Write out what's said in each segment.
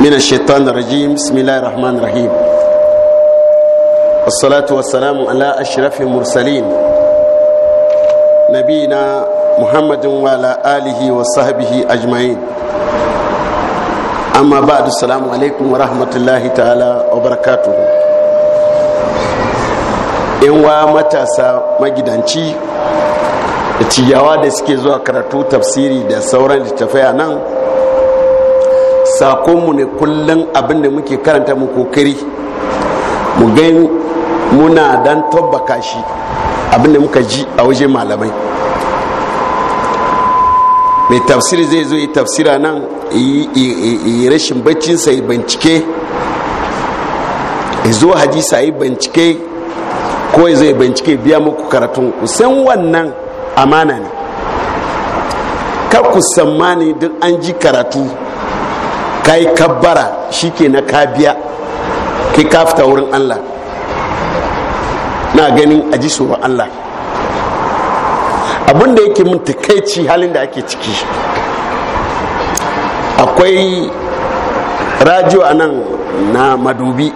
من الشيطان الرجيم بسم الله الرحمن الرحيم والصلاة والسلام على أشرف المرسلين نبينا محمد وعلى آله وصحبه أجمعين أما بعد السلام عليكم ورحمة الله تعالى وبركاته إن ومتاسا مجدانشي tijawa da suke zuwa karatu tafsiri da sauran littafai a nan sakonmu ne kullum abin da muke karanta mu kokari mu gani muna dan tabbaka shi abin da muka ji a waje malamai mai tafsiri zai zo yi tafsira nan yi rashin baccinsa yi bincike zo hadisa yi bincike ko ya yi bincike biya muku karatun kusan san wannan amana ne kar ku sammani duk an ji karatu ka yi kabbara shi ke na kabiya kai kafta wurin allah na ganin a ji tsoron allah abin da yake mun takaici halin da ake ciki akwai rajiyo a nan na madubi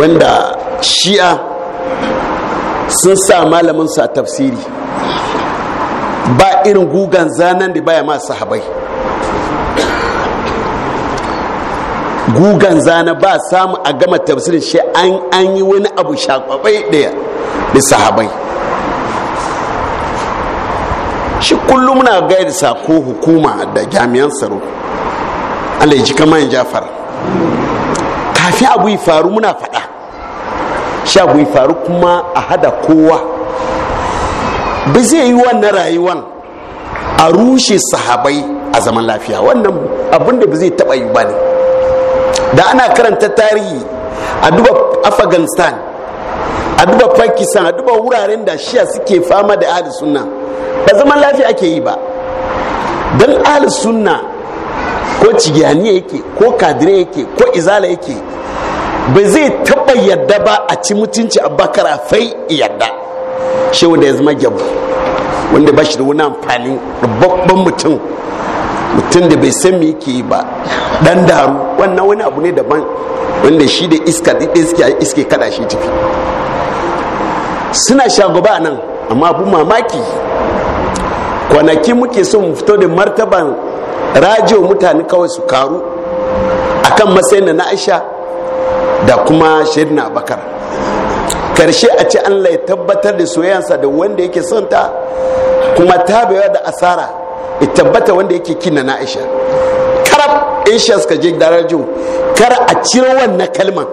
wanda shi'a sun sa malamin sa tafsiri ba irin gugan zanen da baya ma sahabai gugan zana ba samu a gama tafsirin shi an yi wani abu shakwabai daya da sahabai shi kullum na da sako hukuma da jami'an tsaro allah ji kamar jafar kafin abu yi faru muna faɗa shi abu yi faru kuma a hada kowa ba zai yi wannan rayuwan a rushe sahabai a zaman lafiya wannan abinda ba zai taɓa yi ba ne da ana karanta tarihi a duba afghanistan a duba pakistan a duba wuraren da shiya suke fama da ahli sunna ba zaman lafiya ake yi ba don ahli sunna ko cigiyani yake ko kadire yake ko izala yake ba zai taba yadda ba a ci mutunci a bakara fai yadda shewa da ya zama gyabu wanda ba shi da wani amfani babban mutum mutum da bai san me yake ba dan daru wannan wani abu ne daban wanda shi da iska ɗiɗɗe suke iske kada shi tafi suna shagaba nan amma abu mamaki kwanaki muke son fito da martaban rajo mutane kawai su karu akan matsayin na aisha da kuma shirin bakar karshe a ce allah ya tabbatar da soyayensa da wanda yake son ta kuma tabewa da asara tabbata wanda yake kinna na aisha kar in sha suka je darajo kar a ciro wannan kalman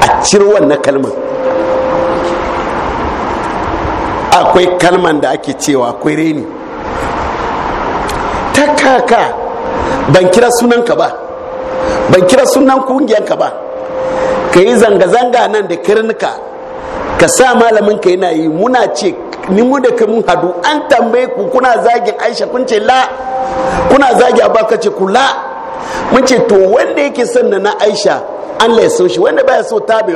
a ciro wannan kalman akwai kalman da ake cewa akwai reni ta kaka ban kira sunanka ba ban kira sunan kungiyanka ba ka yi zanga-zanga nan da kirnika ka sa malamin ka yana yi muna ce ni mu da kai mun hadu an tambaye ku kuna zagin aisha kun ce la kuna zagi abaka ce ku la mun ce to wanda yake son na aisha an ya so shi wanda baya so ta bai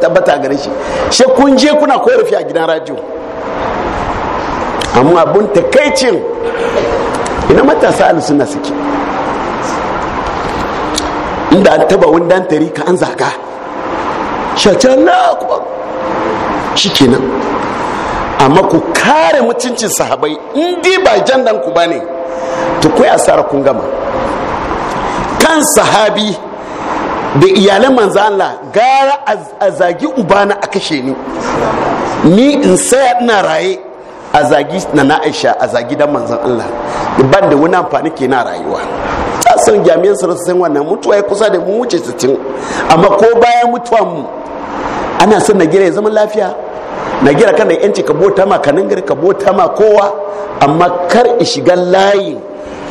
tabbata gare shi shi kun je kuna koyar a gidan radio amma abun takaicin ina matasa suna suke inda an taba wani dan ka an zaka can na shi kenan amma ku kare mutuncin sahabai in dai ba dan ku bane to kai asara kun gama kan sahabi da iyalan manzo Allah gara a zagi ubana a kashe ni ni in saya ina raye a zagi na na aisha a zagi dan manzo Allah ban da wani amfani ke na rayuwa san jami'an sun san wannan mutuwa ya kusa da mu wuce 60 amma ko bayan mutuwan mu ana son na gina ya zama lafiya na gira kan yanci ka bota ma kanin gari ka bota ma kowa amma kar shiga layi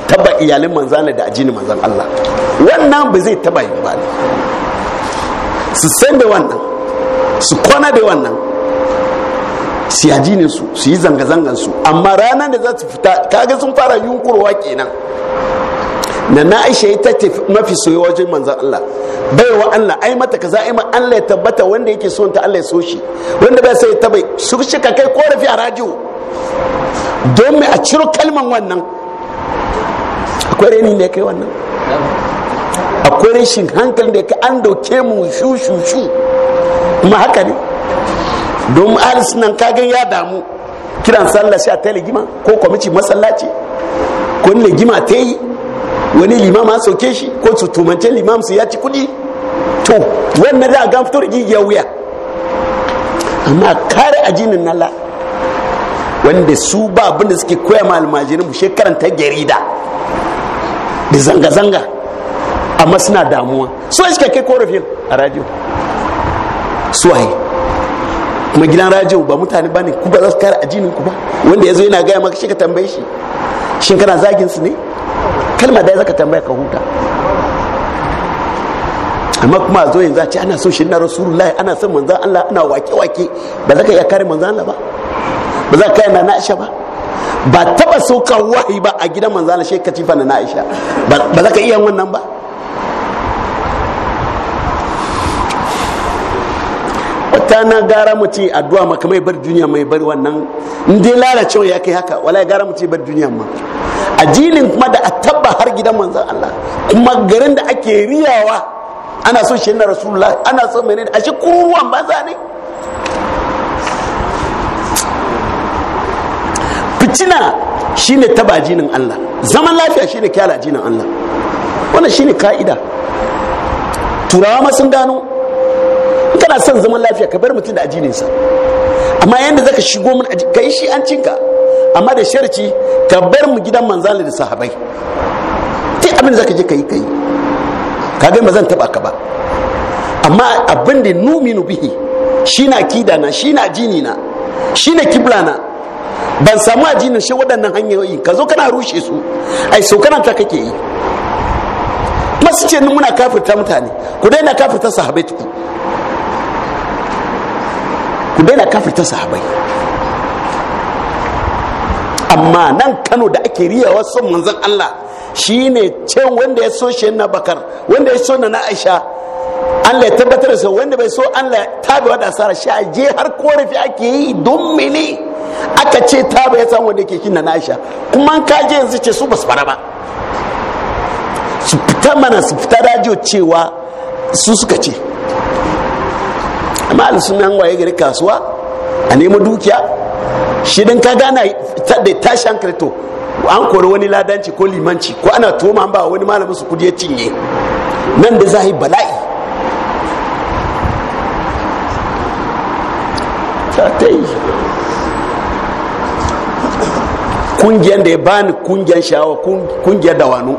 taba iyalin manzana da ajini manzan Allah wannan ba zai taba yi ba su san da wannan su kwana da wannan su ajinin su su yi zanga-zangan su amma ranar da za su fita kaga sun fara yunkurwa kenan na na aisha ita ce mafi soyi wajen manzan Allah baiwa Allah ai mata kaza ai Allah ya tabbata wanda yake son ta Allah ya so shi wanda bai sai ta bai su shika kai korafi a radio don me a ciro kalman wannan akwai reni ne kai wannan akwai rashin hankali da ka an doke mu shu shu shu kuma haka ne don alis nan kagan ya damu kiran sallah sai a telegima gima ko kwamici masallaci ko ligima ta yi wani limam an sauke shi ko su tumance limam su ya ci kudi to wannan za a gan fito rigiyar wuya amma kare ajinin nala wanda su ba abinda suke koya ma almajirin mu shekaran ta jarida da zanga-zanga amma suna damuwa su a suka kai korafin a radio su waye kuma gidan radio ba mutane ba ne ku ba za su kare ajinin ku ba wanda ya zo yana gaya maka shi ka tambaye shi shin kana zagin su ne kalma da zaka tambaya ka huta amma kuma zo yanzu a ce ana so shi na rasulullahi ana son manzan Allah ana wake-wake ba za ka iya kare manzan Allah ba ba za ka kai na Aisha ba ba taba saukan wahi ba a gidan manzan Allah shi ka cifa na Aisha ba za ka iya wannan ba ta na gara mutum addu'a maka mai bar duniya mai bar wannan in dai lalacewa ya kai haka wala gara mutum bar duniya ma a ajilin kuma da a tabba har gidan manzon Allah kuma garin da ake riyawa ana so shi na rasulullah ana so mai ne a shi kuruwan za ne fitina shine taba jinin Allah zaman lafiya shine kyala jinin Allah wannan shine ka'ida turawa ma sun gano kana son zaman lafiya ka bar mutum da ajininsa amma yadda zaka shigo mun ka yi shi an cinka amma da sharci ka bar mu gidan manzali da sahabai duk abin da zaka je ka kai ka ga mazan taba ka ba amma abin da numinu bihi shi na kida na shi na jini na shi na kibla na ban samu ajinin shi waɗannan hanyoyi ka zo kana rushe su ai so kana ta kake yi masu ce muna kafirta mutane ku daina kafirta sahabai tuku ku daina kafirta sahabai amma nan kano da ake wa son manzan Allah shine can wanda ya so shi na bakar wanda ya so na na aisha Allah ya tabbatar da su wanda bai so Allah ya tabewa da asara shi a je har korafi ake yi don mene aka ce tabe ya san wanda ke kin na aisha kuma an kaje yanzu ce su basu fara ba su fita mana su fita rajo cewa su suka ce amma alisunan waye gari kasuwa a nemo dukiya shi din ka gana da tashi kirito an kori wani ladanci ko limanci ko ana an ba wani malamin su kudi ya cinye nan da zahi bala'i ta yi kungiyar da ya bani kungiyar shawa kungiyar dawanu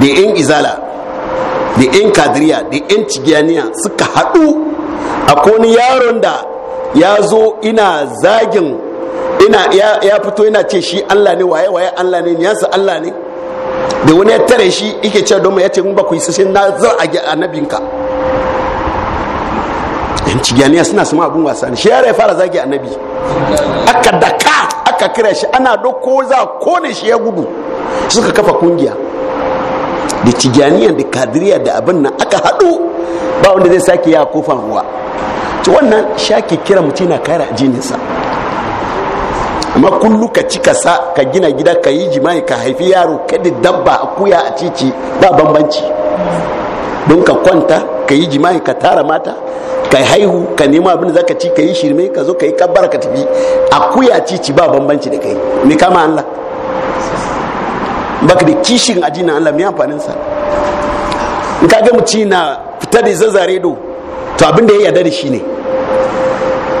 da yan izala da yan kadiriya da yan cigiyaniya suka haɗu a koni yaron da ya zo ina zagin ina ya fito yana ce shi Allah ne waye waye Allah ne niyansa Allah ne da wani ya tare shi yake ce don ya ce mun ba ku yi sashen na zar a annabinka yan cigiyaniya suna sama abun wasa ne shi yara ya fara zagi annabi aka daka aka kira shi ana doko za kone shi ya gudu suka kafa kungiya da cigiyaniya da kadiriya da abin nan aka haɗu ba wanda zai sake ya kofan ruwa to wannan shaki kira mutum na kare jininsa amma kullu ka ci ka sa ka gina gida ka yi jima'i ka haifi yaro kadi dabba a kuya a cici ba bambanci don ka kwanta ka yi jima'i ka tara mata ka haihu ka nema abin da zaka ci ka yi shirme ka zo ka yi kabbar ka tafi kuya cici ba bambanci da kai me kama Allah baka da kishin ajinin Allah me amfanin sa in ka ga mutum na fita da zazzare do to abin da ya yarda da shi ne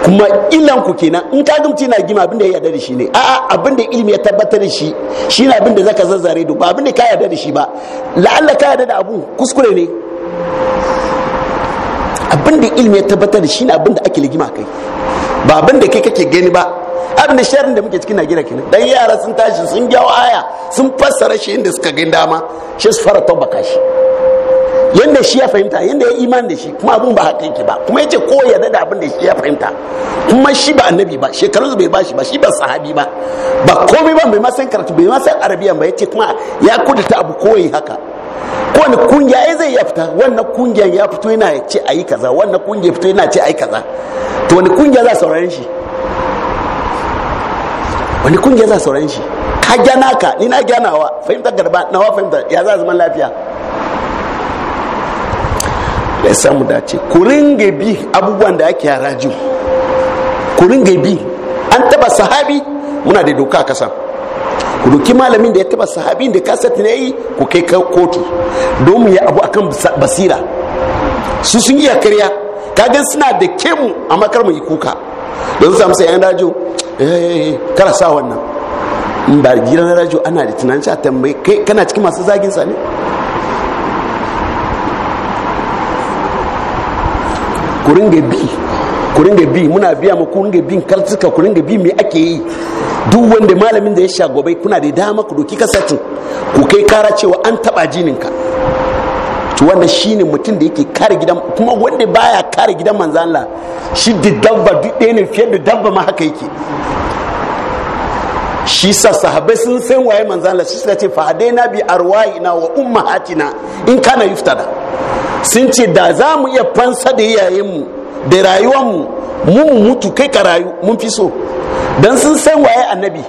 kuma ilan ku kenan in ka gamci na gima abin da ya yarda da shi ne a'a abin da ilimi ya tabbatar da shi shi ne abin da zaka zazzare do ba abin da ka yarda da shi ba la'alla ka yarda da abu kuskure ne abin da ilimi ya tabbatar da shi ne abin da ake ligima kai ba abin da kai kake gani ba abin da sharin da muke cikin na gina kenan dan yara sun tashi sun gyawo aya sun fassara shi inda suka gani dama shi su fara tabbaka shi yanda shi ya fahimta yanda ya iman da shi kuma abun ba haka yake ba kuma yace ko ya da abin da shi ya fahimta kuma shi ba annabi ba shekarun bai bashi ba shi ba sahabi ba ba komai ba bai ma san karatu bai ma san arabiyan ba yace kuma ya kudata abu koyi haka kowane kungiya ya zai ya fita wannan kungiyan ya fito yana ce a yi kaza wannan kungiya fito yana ce a yi kaza to wani kungiya za saurare shi wani kungiya za saurare shi ka gyana ka ni na gyanawa fahimtar garba nawa fahimtar ya za zaman lafiya ya samu dace ku ringa bi abubuwan da ake haraji ku ringa bi an taba sahabi muna da doka a kasa ku doki malamin da ya taba sahabi da kasa ne yi ku kai kotu domin ya abu akan basira su sun iya karya kagan suna da kemu a makar mai kuka don samu sai yan rajo eh, eh, eh, kara sa wannan in ba gidan rajo ana da tunanin a tambayi kai kana cikin masu zagin sa ne ku ringa bi ku ringa bi muna biya mu ku ringa bin kartuka ku ringa bi me ake yi duk wanda malamin da ya sha gobe kuna da dama ku doki kasatin ku kai kara cewa an taba jininka to wannan shine mutum da yake kare gidan kuma wanda baya kare gidan manzo Allah shi da dabba duk ɗaya ne fiye da dabba ma haka yake shi sa sahabbai sun san waye manzo Allah shi ce fa hadaina bi arwaina wa ummahatina in kana yuftada sun ce da za mu iya fansa da yayinmu da rayuwanmu mu mutu kai ka rayu mun fi so don sun san waye annabi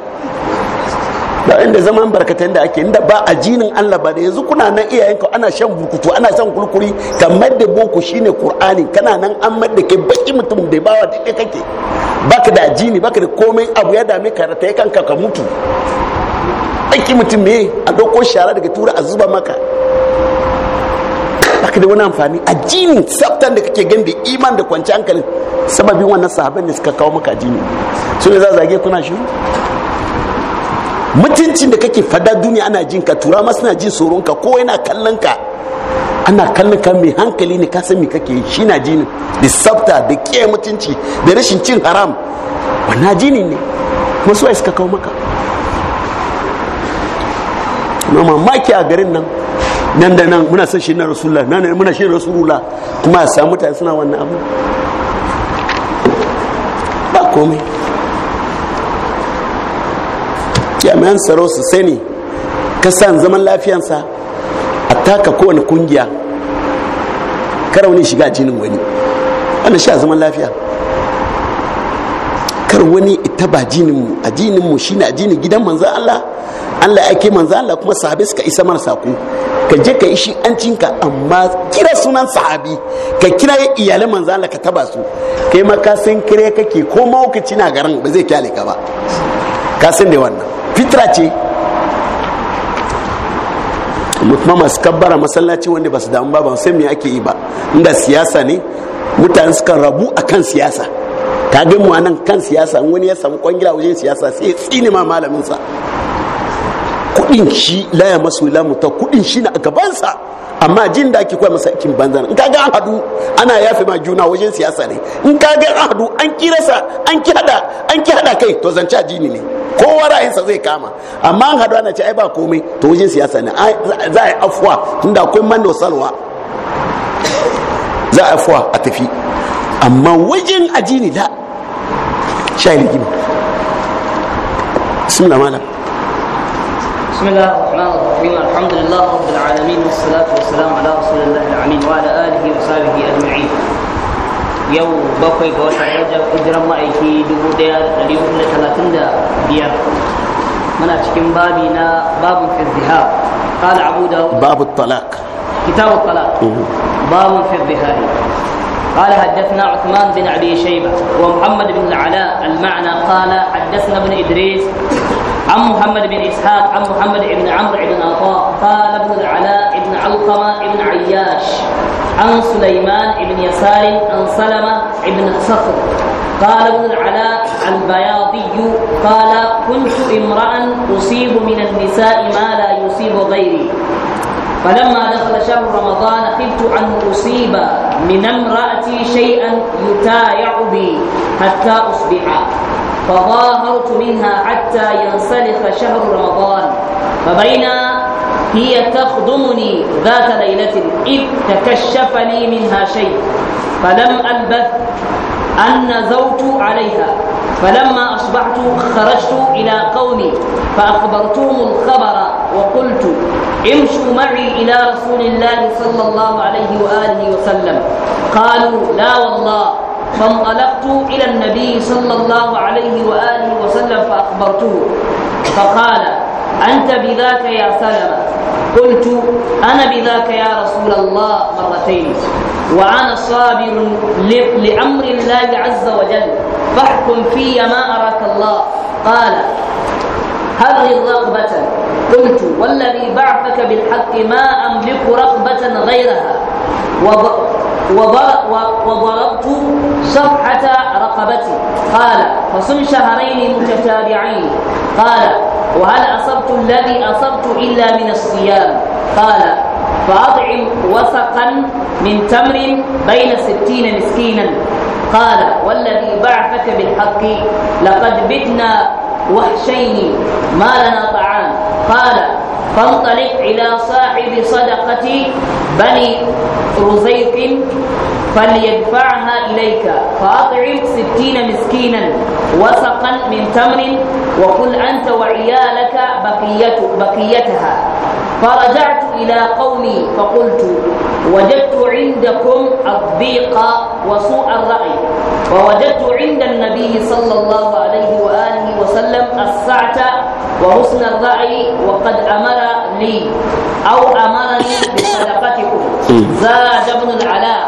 ba inda zaman barkatan da ake inda ba a jinin Allah ba da yanzu kuna nan iyayenka ana shan burkutu ana shan kurkuri kamar da boko shine Kur'ani. kana nan an madda kai baki mutum da wa da kake baka da jini baka da komai abu ya dame ka rataye kanka ka mutu baki mutum ne a dauko shara daga tura a zuba maka baka da wani amfani addini tsaftan da kake gani da iman da kwanci hankalin sababin wannan sahabin da suka kawo maka addini su ne za a zage kuna shiru mutuncin da kake fada duniya ana jin ka tura masu na jin tsoron ka ko yana kallon ka ana kallon ka mai hankali ne kasan me kake shi na jini da tsafta da ke mutunci da rashin cin haram wannan jini ne kuma suwaye suka kawo maka na mamaki a garin nan nan da nan muna son shi na rasulullah nan muna shi rasulullah kuma a samu mutane suna wannan abu ba komai jami'an tsaro su sani kasan zaman lafiyansa a taka kowane kungiya kar wani shiga jinin wani wannan shi a zaman lafiya kar wani ita ba jinin mu a jinin mu shine a jinin gidan manzan Allah Allah ya ke manzan Allah kuma sahabe suka isa mana sako ka je ka yi shi an cinka amma kira sunan sahabi ka kira iyalai manzan laka ka taba su kai ma ka san kire kake ko mawukaci na garin ba zai kyale ka ba ka san da wannan fitra ce mutuma masu kabbara masallaci wanda ba su damu ba ban san me ake yi ba inda siyasa ne mutane suka rabu a kan siyasa ta mu nan kan siyasa wani ya samu kwangila wajen siyasa sai ya tsine ma malaminsa kudin shi laya masu lamuta kudin shi na a gabansa amma jin da ake kwa masa aikin banza in kaga an hadu ana yafe ma juna wajen siyasa ne in kaga an hadu an kirasa an ki hada an ki hada kai to zance jini ne kowa ra'ayinsa zai kama amma an hadu ana ce ai ba komai to wajen siyasa ne za a yi afuwa tunda akwai mando salwa za a afuwa a tafi amma wajen ajini da sha rigima bismillah malam بسم الله الرحمن الرحيم الحمد لله رب العالمين والصلاة والسلام على رسول الله العمين وعلى آله وصحبه أجمعين yau bakwai ga watan rajab hijiran ma'aiki 1435 muna cikin بابنا باب في firdihar قال أبو داود باب الطلاق كتاب الطلاق باب في الذهاب قال حدثنا عثمان بن أبي شيبة ومحمد بن العلاء المعنى قال حدثنا ابن إدريس عن محمد بن إسحاق عن محمد بن عمرو بن عطاء قال ابن العلاء بن علقمة بن عياش عن سليمان بن يسار عن سلمة بن صخر قال ابن العلاء البياضي قال كنت امرأ أصيب من النساء ما لا يصيب غيري فلما دخل شهر رمضان خفت أن أصيب من امرأتي شيئا يتايع بي حتى أصبح فظاهرت منها حتى ينسلخ شهر رمضان فبين هي تخدمني ذات ليلة إذ تكشف لي منها شيء فلم ألبث أن نزوت عليها فلما أصبحت خرجت إلى قومي فأخبرتهم الخبر وقلت امشوا معي إلى رسول الله صلى الله عليه وآله وسلم قالوا لا والله فانطلقت إلى النبي صلى الله عليه وآله وسلم فأخبرته فقال أنت بذاك يا سلمة قلت أنا بذاك يا رسول الله مرتين وأنا صابر لأمر الله عز وجل فاحكم في ما أراك الله قال هذه الرغبة قلت والذي بعثك بالحق ما أملك رغبة غيرها وضربت صفحة رقبتي قال فصم شهرين متتابعين قال وهل أصبت الذي أصبت إلا من الصيام قال فأطعم وسقا من تمر بين ستين مسكينا قال والذي بعثك بالحق لقد بتنا وحشين ما لنا طعام قال فانطلق إلى صاحب صدقة بني رزيق فليدفعها إليك فأطعم ستين مسكينا وسقا من تمر وكل أنت وعيالك بقية بقيتها فرجعت إلى قومي فقلت وجدت عندكم الضيق وسوء الرأي ووجدت عند النبي صلى الله عليه وآله وسلم السعة وحسن الرعي وقد أمر لي أو أمرني بصدقتكم زاد ابن العلاء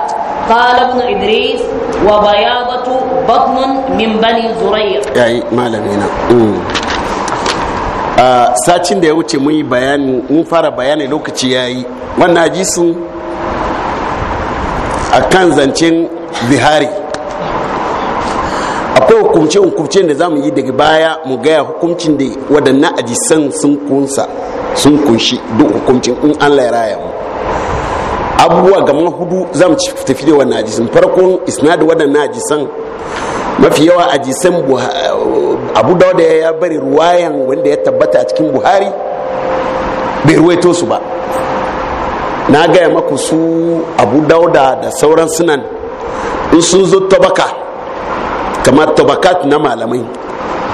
قال ابن إدريس وبياضة بطن من بني زريع يعني ما A sacin da ya wuce mun yi bayani mun fara bayani lokaci ya yi wannan ajisu a kan zancen bihari akwai hukumce hukumce da za mu yi daga baya mu gaya hukumcin da wadannan ajisan sun kunsa sun kunshi duk hukumcin in allah ya raya mu abubuwa gama hudu za mu tafi da wannan ajisan farkon isnadu waɗannan ajisan mafi yawa ajisan abu dauda ya bari ruwayan wanda ya tabbata a cikin buhari bai ruwaito su ba na gaya maku su abu dauda da sauran sunan in sun zo tabaka kamar tabakat na malamai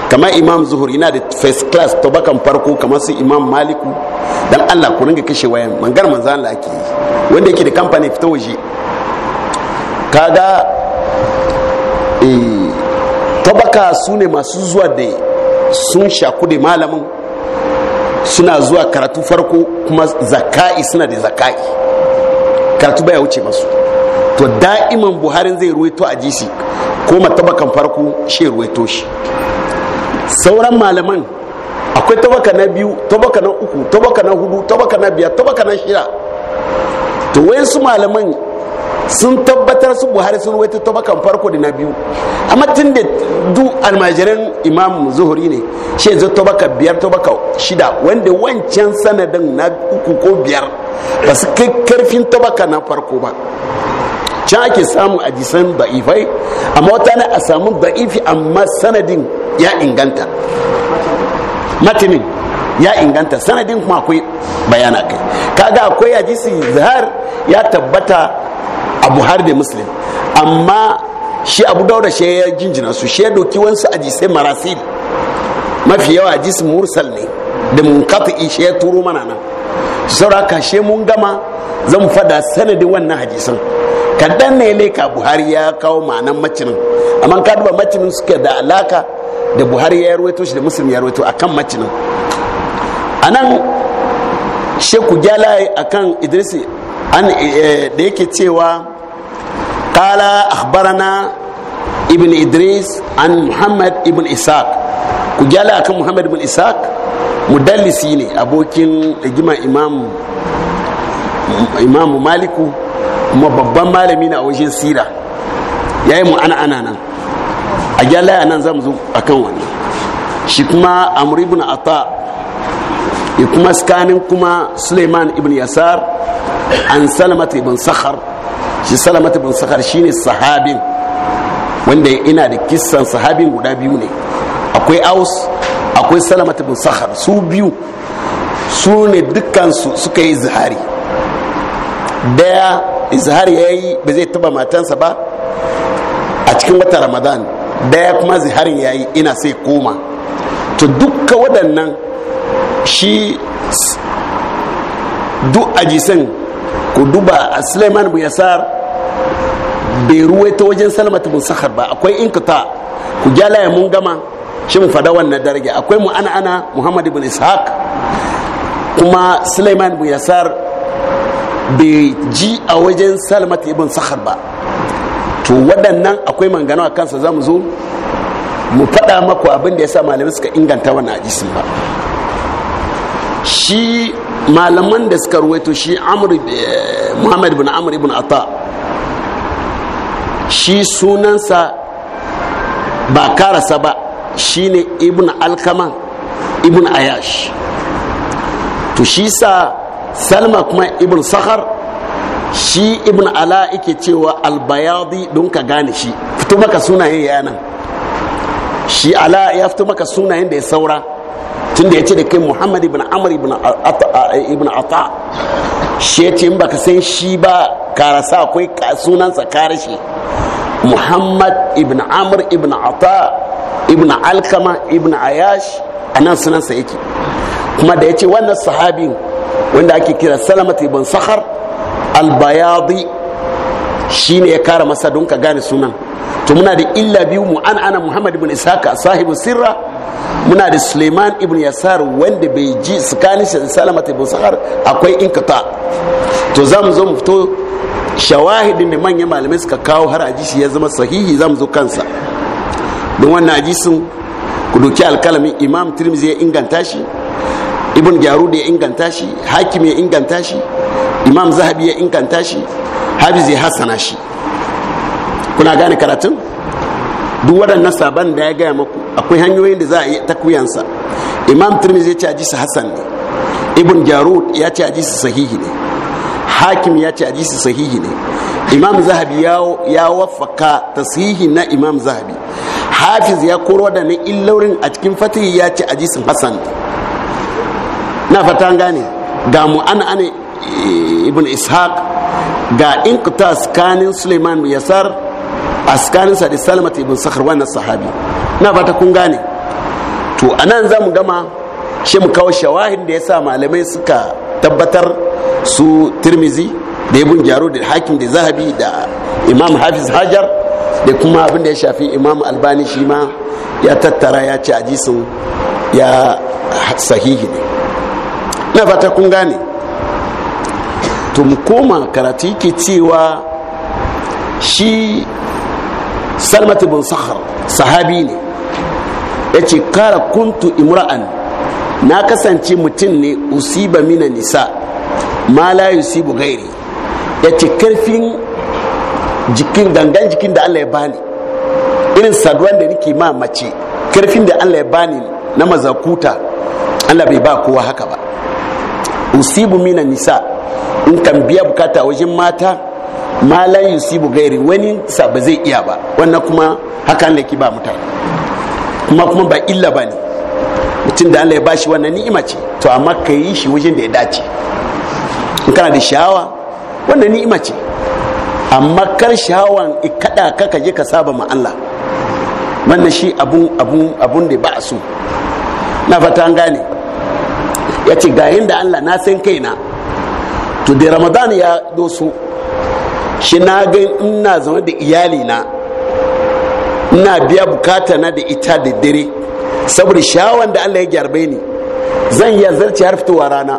kamar imam zuhuri yana da first class tabakan farko kamar su imam maliku dan allah ku ringa kashe wayan mangar manzan allah ake yi wanda yake da kamfani fita waje kaga eh, tabaka su ne masu zuwa da sun shaku da malamin suna zuwa karatu farko kuma zaka'i suna da zaka'i karatu baya wuce masu to da'iman buharin zai ruwaito a jisi ko matabakan farko shi ruwaito shi sauran malaman akwai tabaka na biyu tabaka na uku tabaka na hudu tabaka na biyar tabaka na shida to su malaman sun tabbatar su buhari sun ruwaito tabakan farko da na biyu amma tun da du almajiran imam zuhuri ne shi yanzu tabaka biyar tabaka shida wanda wancan sanadin na uku ko biyar ba su kai karfin tabaka na farko ba can ake samun hadisan da'ifai amma wata ne a samu da'ifi amma sanadin ya inganta matinin ya inganta sanadin kuma akwai bayana kai kaga akwai hadisi zahar ya tabbata a buhari da muslim amma shi abu dauda shi ya jinjina su shi ya doki wansu hadisai marasil mafi yawa hadisi mursal ne da munkati shi ya turo mana nan sauraka shi mun gama zan fada sanadin wannan hadisan kadan ne ka buhari ya kawo ma'anan macinin amma ka duba macinin suke da alaka da buhari ya ruwaito shi da musulmi ya a kan macinin nan. sheku gyalaye kan idrisi eh, da yake cewa kala akhbarana ibn idris an muhammad ibn isaac ku a kan muhammad ibn mu mudallisi ne abokin rigima imam imamu maliku kuma babban malami na awajin wajen sira ya yi mu ana ana nan a gyalaya nan zamu zo a kan wani shi kuma amuri ibn ata ya kuma skanin kuma suleiman ibn yasar an salamata ibn sakhar shi salamata ibn sakhar ne sahabin wanda ina da kissan sahabin guda biyu ne akwai aus akwai salamata ibn sakhar su biyu su ne dukkansu suka yi zihari daya izhar ya yi ba zai taba matansa ba a cikin wata ramadan daya kuma ziharin ya yi ina sai koma to dukka waɗannan shi duk ajisan ku duba a suleiman bu yasar bai ruwaita wajen salmata bin sahar ba akwai ta ku jalaya mun gama shi mu fada wannan daraja akwai mu ana ana muhammad ibn ishaq kuma suleiman bu yasar bai ji a wajen salmata ibn sahar ba to waɗannan akwai mangano a kansa za mu zo mu faɗa maku abin da ya sa malamai suka inganta wannan hadisin ba shi malaman da suka ruwaito shi amr eh, muhammad bin amur ibn ata shi sunansa ba karasa ba shine ibn alkama ibn ayash to shi sa salma kuma ibn sakhar shi ibn ala yake cewa albayadi don ka gane shi fito maka sunayen yanan shi ala ya fito maka sunayen da ya saura tun da ya ce da kai muhammad ibn amr ibn ata shi ya ce in baka san shi ba karasa akwai sunansa karashi muhammad ibn amr ibn ata ibn alkama ibn ayash a nan sunansa yake kuma da ya ce wannan sahabin wanda ake kira salamat ibn sakhar al-bayadi shine ya kara masa don ka gane sunan to muna da illa biyu mu an ana muhammad ibn ishaq sahibu sirra muna da suleiman ibn yasar wanda bai ji tsakanin shi salamat ibn sakhar akwai inkata to za mu zo mu fito shawahidin da manyan malamai suka kawo har ajishi ya zama sahihi za mu zo kansa don wannan hadisin ku doki alkalamin imam tirmizi ya inganta shi ibn jarud ya inganta shi hakim ya inganta shi imam zahabi ya inganta shi hafiz ya hasana shi kuna gane karatun duk waɗannan saban da ya gaya maku akwai hanyoyin da za a yi takwiyansa imam tirmidhi ya caji hadisi hasan ne ibn jarud ya caji hadisi sahihi ne hakim ya caji hadisi sahihi ne imam zahabi ya wafaka tasihi na imam zahabi hafiz ya koro da na illaurin a cikin fatihi ya ci hadisin hasan ne na fata gane ga mu ana ana ibn ishaq ga in kuta askanin suleiman yasar a askanin sadi ibn sakhar wannan sahabi na fata kun gane to anan za mu gama shi mu kawo shawahin da yasa malamai suka tabbatar su tirmizi da ibn jaro da hakim da zahabi da imam hafiz hajar da kuma abin da ya shafi imam albani shi ma ya tattara ya ci ajisun ya sahihi ne na fata kun gane to mu koma karatu yake cewa shi salmat bin sahar sahabi ne ya ce kara kuntu imra'an na kasance mutum ne usiba mina nisa ma la yusibu gairi ya ce karfin jikin gangan jikin da allah ya bani irin saduwan da nake ma mace karfin da allah ya bani na mazakuta allah bai ba kowa haka ba yusibu mina nisa in kan biya bukata wajen mata ma la yusibu gairi wani sa ba zai iya ba wannan kuma hakan da ki ba mutane kuma kuma ba illa ba ne mutum da Allah ya bashi wannan ni'ima ce to amma ka yi shi wajen da ya dace in kana da sha'awa wannan ni'ima ce amma kar sha'awan kada ka kaje ka saba ma Allah wannan shi abun abun abun da ba a so na fata an gane ya ce ga da allah na san kaina to da ramadan ya doso shi na ga ina zama da iyali na ina biya bukata na da ita da dare saboda shawan da allah ya gyarbe ni zan iya zarce har fitowa rana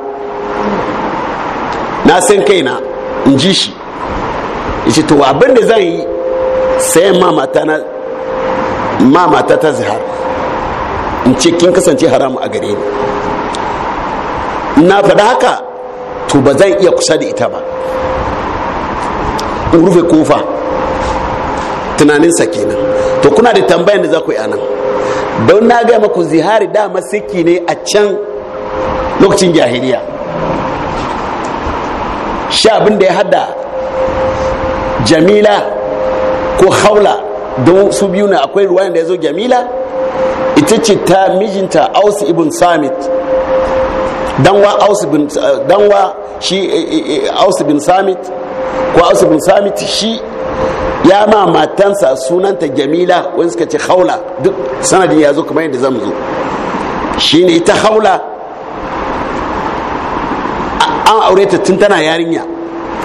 na san kaina in ji shi yace to abin da zan yi sai ma mata ta zihar in ce kin kasance haramu a gare ni in na faɗa haka to ba zan iya kusa da ita ba in rufe kofa tunaninsa kenan to kuna da tambayan da za ku yi anan don na gaya maku zihari dama siki ne a can lokacin jahiliya sha abin da ya hada jamila ko haula don su biyu na akwai ruwan da ya zo jamila ita ce ta mijinta ausu ibn samit danwa wa shi eh, eh, aus bin samit ko aus bin samit shi ya ma matansa sunanta jamila wani suka ce haula duk sanadin ya zo kamar yadda zan zo shi ne ita haula an aure ta tun tana yarinya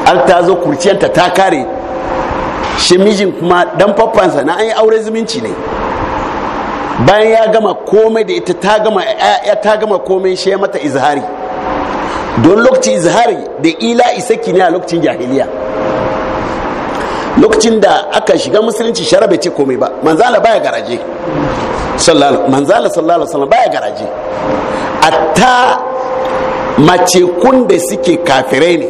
har ta zo kurciyarta ta kare shi mijin kuma dan faffansa na an yi aure zumunci ne bayan ya gama komai da ita ta gama ya ta gama komai shi ya mata izhari don lokacin izhari da ila isaki ne a lokacin jahiliya lokacin da aka shiga musulunci shara bai ce komai ba manzala baya garaje manzala sallallahu alaihi wasallam baya garaje atta mace kun da suke kafirai ne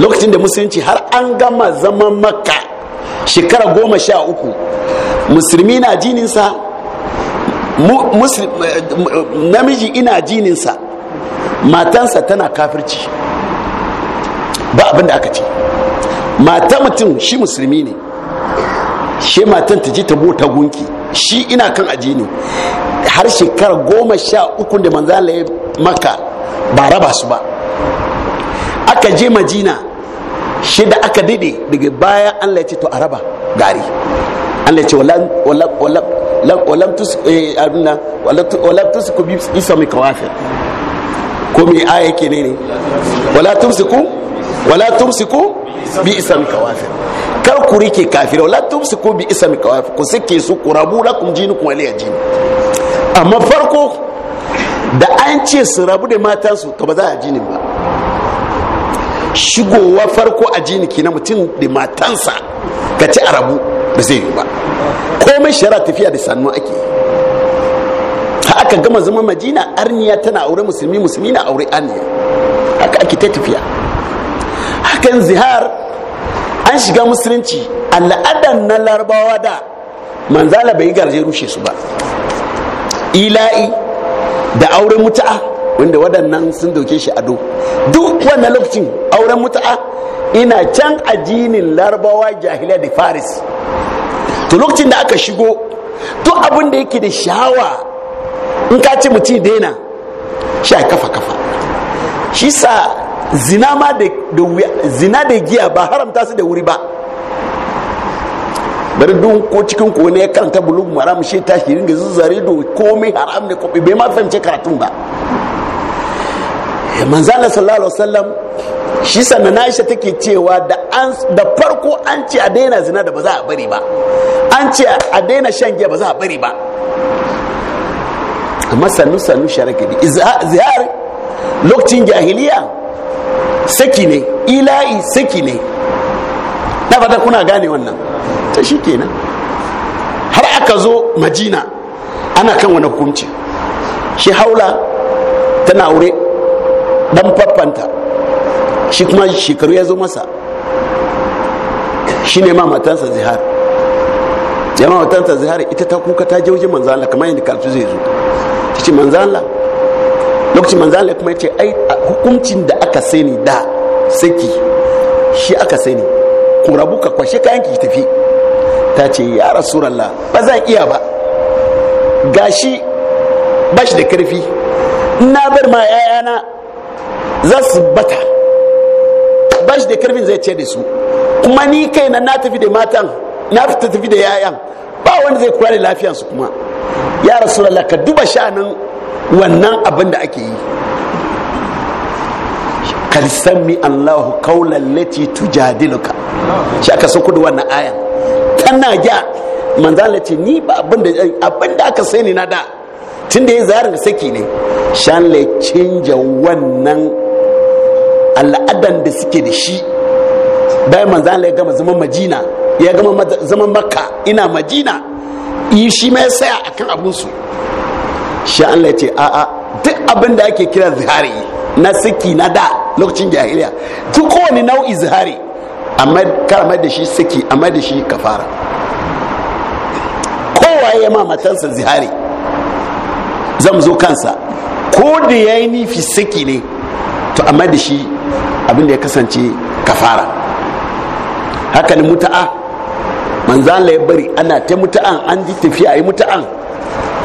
lokacin da musulunci har an gama zaman makka shekara goma sha uku musulmi na jininsa Eh, eh, namiji ina jininsa matansa tana kafirci ba abin da aka ce mata mutum shi musulmi ne shi matan ta ji ta bota gunki shi ina kan aji ne har shekara goma sha uku da manzala ya maka ba raba su ba aka je majina shi da aka dide daga baya an ya ce to a raba gari an ya ce walam eh, tusku bi isami kawafir ko me aya yake ne ne wala tumsiku wala tumsiku bi isami kawafir kar ku rike kafir wala tumsiku bi isami kawafir ku sike su ku rabu lakum jinukum waliya jini amma farko da an ce su rabu da matansu to ba za a jinin ba shigowa farko a jini na mutum da matansa ka ci a rabu ba zai yi ba komai shara tafiya da sannu ake ta gama zama majina arniya tana aure musulmi musulmi na aure arniya haka ake ta tafiya hakan zihar an shiga musulunci al'adar na larabawa da manzala bai garje rushe su ba ila'i da auren muta'a wanda waɗannan sun doke shi ado duk wannan lokacin auren muta'a ina can ajinin larabawa jahiliya da faris to lokacin da aka shigo duk abin da yake da shawa in ka ce mutum daina shi a kafa kafa shi sa zina ma da zina da giya ba haramta su da wuri ba bari duk ko cikin ko ne karanta bulug maram shi ta shi ringa zuzare do komai haram ne ko bai ma fahimci karatun ba eh, manzana sallallahu alaihi wasallam shi sannan na take cewa da an da farko an ce a daina zina da ba za a bari ba an ce a daina shan giya ba za a bari ba amma sannu sannu sharaka ne ziyar lokacin jahiliya saki ne ila'i saki ne na fata kuna gane wannan ta shi kenan har aka zo majina ana kan wani hukunci shi haula tana aure dan faffanta shi kuma shekaru ya zo masa shi ne ma matansa zihar jama'a wata ta zahara ita ta kuka ta je wajen manzo Allah kamar yadda karatu zai zo tace manzo Allah lokacin manzo Allah kuma ce ai hukuncin da aka sani da saki shi aka sani ku rabu ka kwashe kayan ki tafi ta ce ya rasulullah ba zan iya ba gashi bashi da karfi na bar ma yayana za su bata bashi da karfin zai ce da su kuma ni kaina na tafi da matan na fita tafi da yayan ba wanda zai kware da su kuma ya rasulallah ka duba sha'anin wannan abin da ake yi kad sami allahu tu lati tujadiluka shi aka so kudu wannan ayan tana ja manzan lati ni ba abin da aka sai ni na da tun da ya da saki ne shan le canja wannan al'adan da suke da shi bayan manzan lai gama zama majina ya gama zaman makka ina majina yi shi mai ya saya akan abinsu shi Allah ya ce a'a duk abin da ake kira zihari na saki na da lokacin jahiliya duk kowane nau'i zihari amma da shi saki amma da shi kafara kowa ya ma matansa zihari zan zo kansa ko da ya yi nifi siki ne to amma da shi abin da ya kasance kafara haka ni muta'a manzan ya bari ana ta mutu'an an ji tafiya a yi mutu'an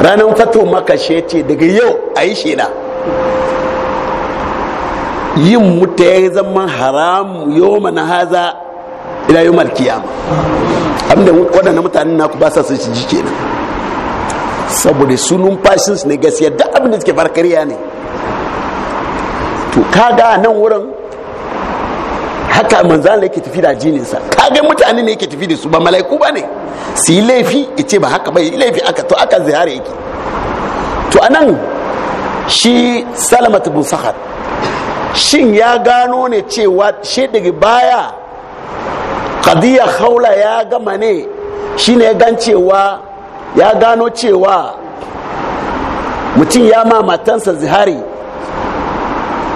ranar fato maka ce daga yau a yi shela yin muta ya zama haram yau mana haza ila yau malkiyama abinda waɗanda mutanen naku ba sa sun ji kenan saboda su numfashinsu ne gaskiya duk da suke farkariya ne to kaga nan wurin haka manzan yake tafi da jininsa kaga mutane ne yake tafi da su ba mala'iku ba ne su yi laifi ce ba haka ba yi laifi aka to aka ziyara yake to a nan shi salamat bin sahar shin ya gano ne cewa shi daga baya kadiyar haula ya gama ne shi ne gan cewa ya gano cewa mutum ya ma matansa zihari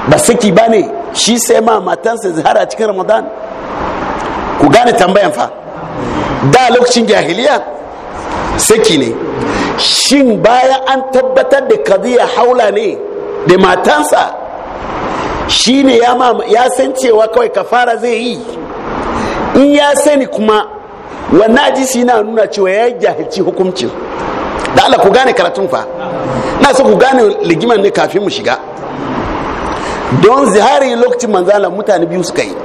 ba saki ba ne shi sai ma matansa zihara cikin ramadan ku gane tambayan fa da lokacin jahiliya saki ne shin bayan an tabbatar da kaziya haula ne da matansa shi ne ya san cewa kawai kafara zai yi in ya sani kuma wannan ajisi na nuna cewa ya jahilci hukuncin da Allah ku gane karatun fa na so ku gane ligiman ne kafin mu shiga don zihari lokacin manzala mutane biyu suka yi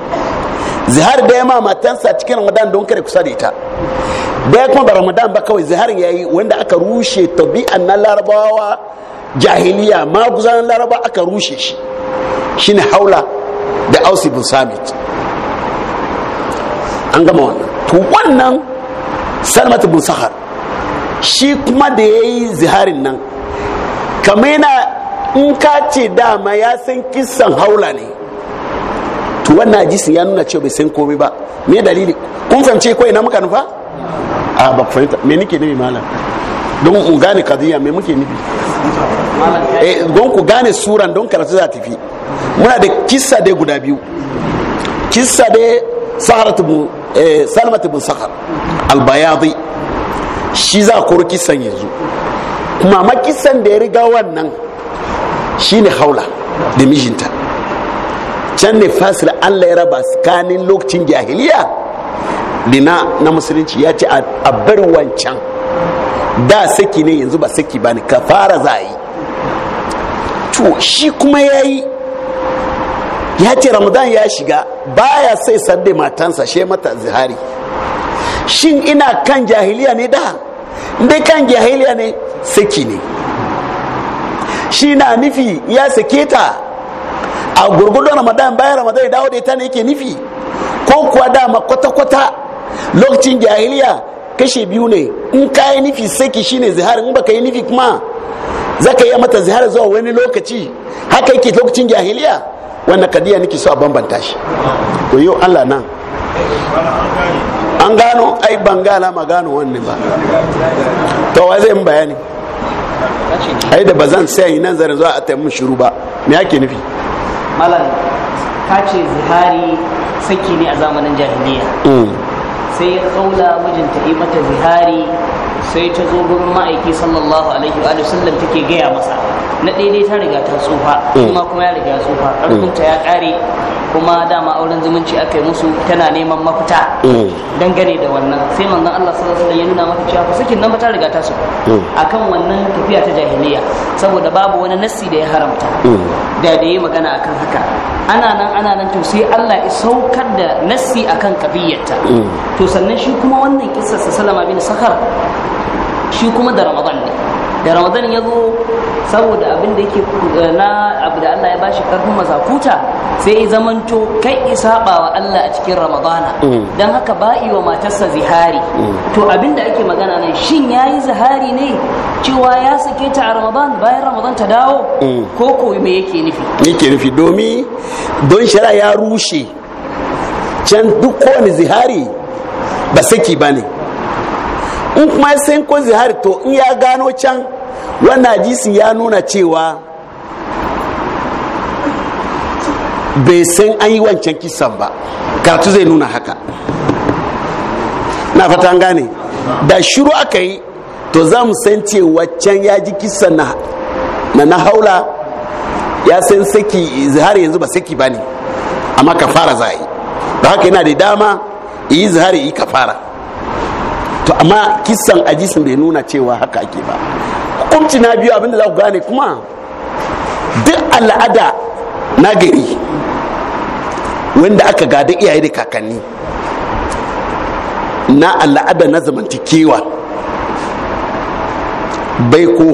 zihari da ya ma matansa cikin ramadan don kare kusa da ita da kuma ba ramadan ba kawai ziharin ya yi wanda aka rushe tabi'an na larabawa jahiliya ma maguzan laraba aka rushe shi shine haula da ausi bin samit an gama wannan to wannan salmat bin sahar shi kuma da ya yi ziharin nan kamar yana in ka ce dama ya san kisan haula ne to wannan hadisin ya nuna cewa bai san komai ba me dalili kun fahimce ko ina muka nufa a ba ku fahimta me nake nufi malam don mu gane kadiya me muke nufi eh don ku gane suran don karatu za tafi muna da kissa dai guda biyu kissa dai saharatu bu eh salmatu bin sahar albayadi shi za ku kissa yanzu kuma makissan da ya riga wannan shi shine haula da mijinta can ne fasila allah ya raba tsakanin lokacin jahiliya dina na musulunci ya ce a bar wancan da saki ne yanzu ba saki ba ne ka fara za a yi to shi kuma ya yi ya ce ramadan ya shiga baya sai sadde matansa shi mata zihari shin ina kan jahiliya ne da dai kan jahiliya ne saki ne shi na nufi ya sake ta a gurgurdon ramadan bayan ramadan ya dawo da ita ne yake nufi ko kuwa dama kwata-kwata lokacin jahiliya kashe biyu ne in ka yi nufi saki shine zihar in baka yi nufi kuma za ka yi mata zihar zuwa wani lokaci haka yake lokacin jahiliya wanda kadiya nake so a bambanta shi koyo allah na an gano ai ban gana gano wannan ba to wa zai bayani ai da ba zan sai nan zuwa a taimun shiru ba me yake nufi malam ta ce zihari saki ne a zamanin jahiliya mm. sai ya kaula mijinta yi mata zihari sai ta zo gurin ma'aiki sallallahu alaihi wa sallam take gaya masa na daidai ta riga ta tsufa mm. kuma kuma ya riga tsufa ƙarfinta ya ƙare kuma dama auren zumunci aka yi musu tana neman mafita mm. dangane da wannan sai manzon Allah sallallahu alaihi ya nuna mata cewa sakin nan ba ta riga ta su mm. akan wannan tafiya ta jahiliya saboda babu wani nassi da ya haramta da da yayi magana akan haka ana nan ana nan to sai Allah ya saukar da nassi akan kabiyyarta to sannan shi kuma wannan kissar sa Salama bin Sakar shi kuma da ramadan ne da ramadan ya zo saboda abin da yake eh, na abu da Allah ya bashi karfin mazakuta sai ya zamanto kai isaɓa wa Allah a cikin ramadana mm. don haka ba'i wa matarsa zihari mm. to abin da ake magana nan shin ya yi zihari ne cewa ya sake ta a ramadan bayan ramadan ta dawo mm. ko ko me yake nufi yake nufi domin don shara ya rushe can duk kowane zihari ba saki ba ne in kuma sai kun zihar to in ya gano can wannan hadisin ya nuna cewa bai san an yi wancan kisan ba karatu zai nuna haka na fata gane da shiru aka yi to za mu san ce waccan ya ji kisan na na haula ya san saki zihar yanzu ba saki ba ne amma kafara za a yi ba haka yana da dama yi zihar yi kafara to amma kisan ajisin bai nuna cewa haka ake ba hukunci na biyu abinda za ku gane kuma duk al'ada na gari wanda aka gada iyaye da kakanni na al'ada na zamantakewa bai ko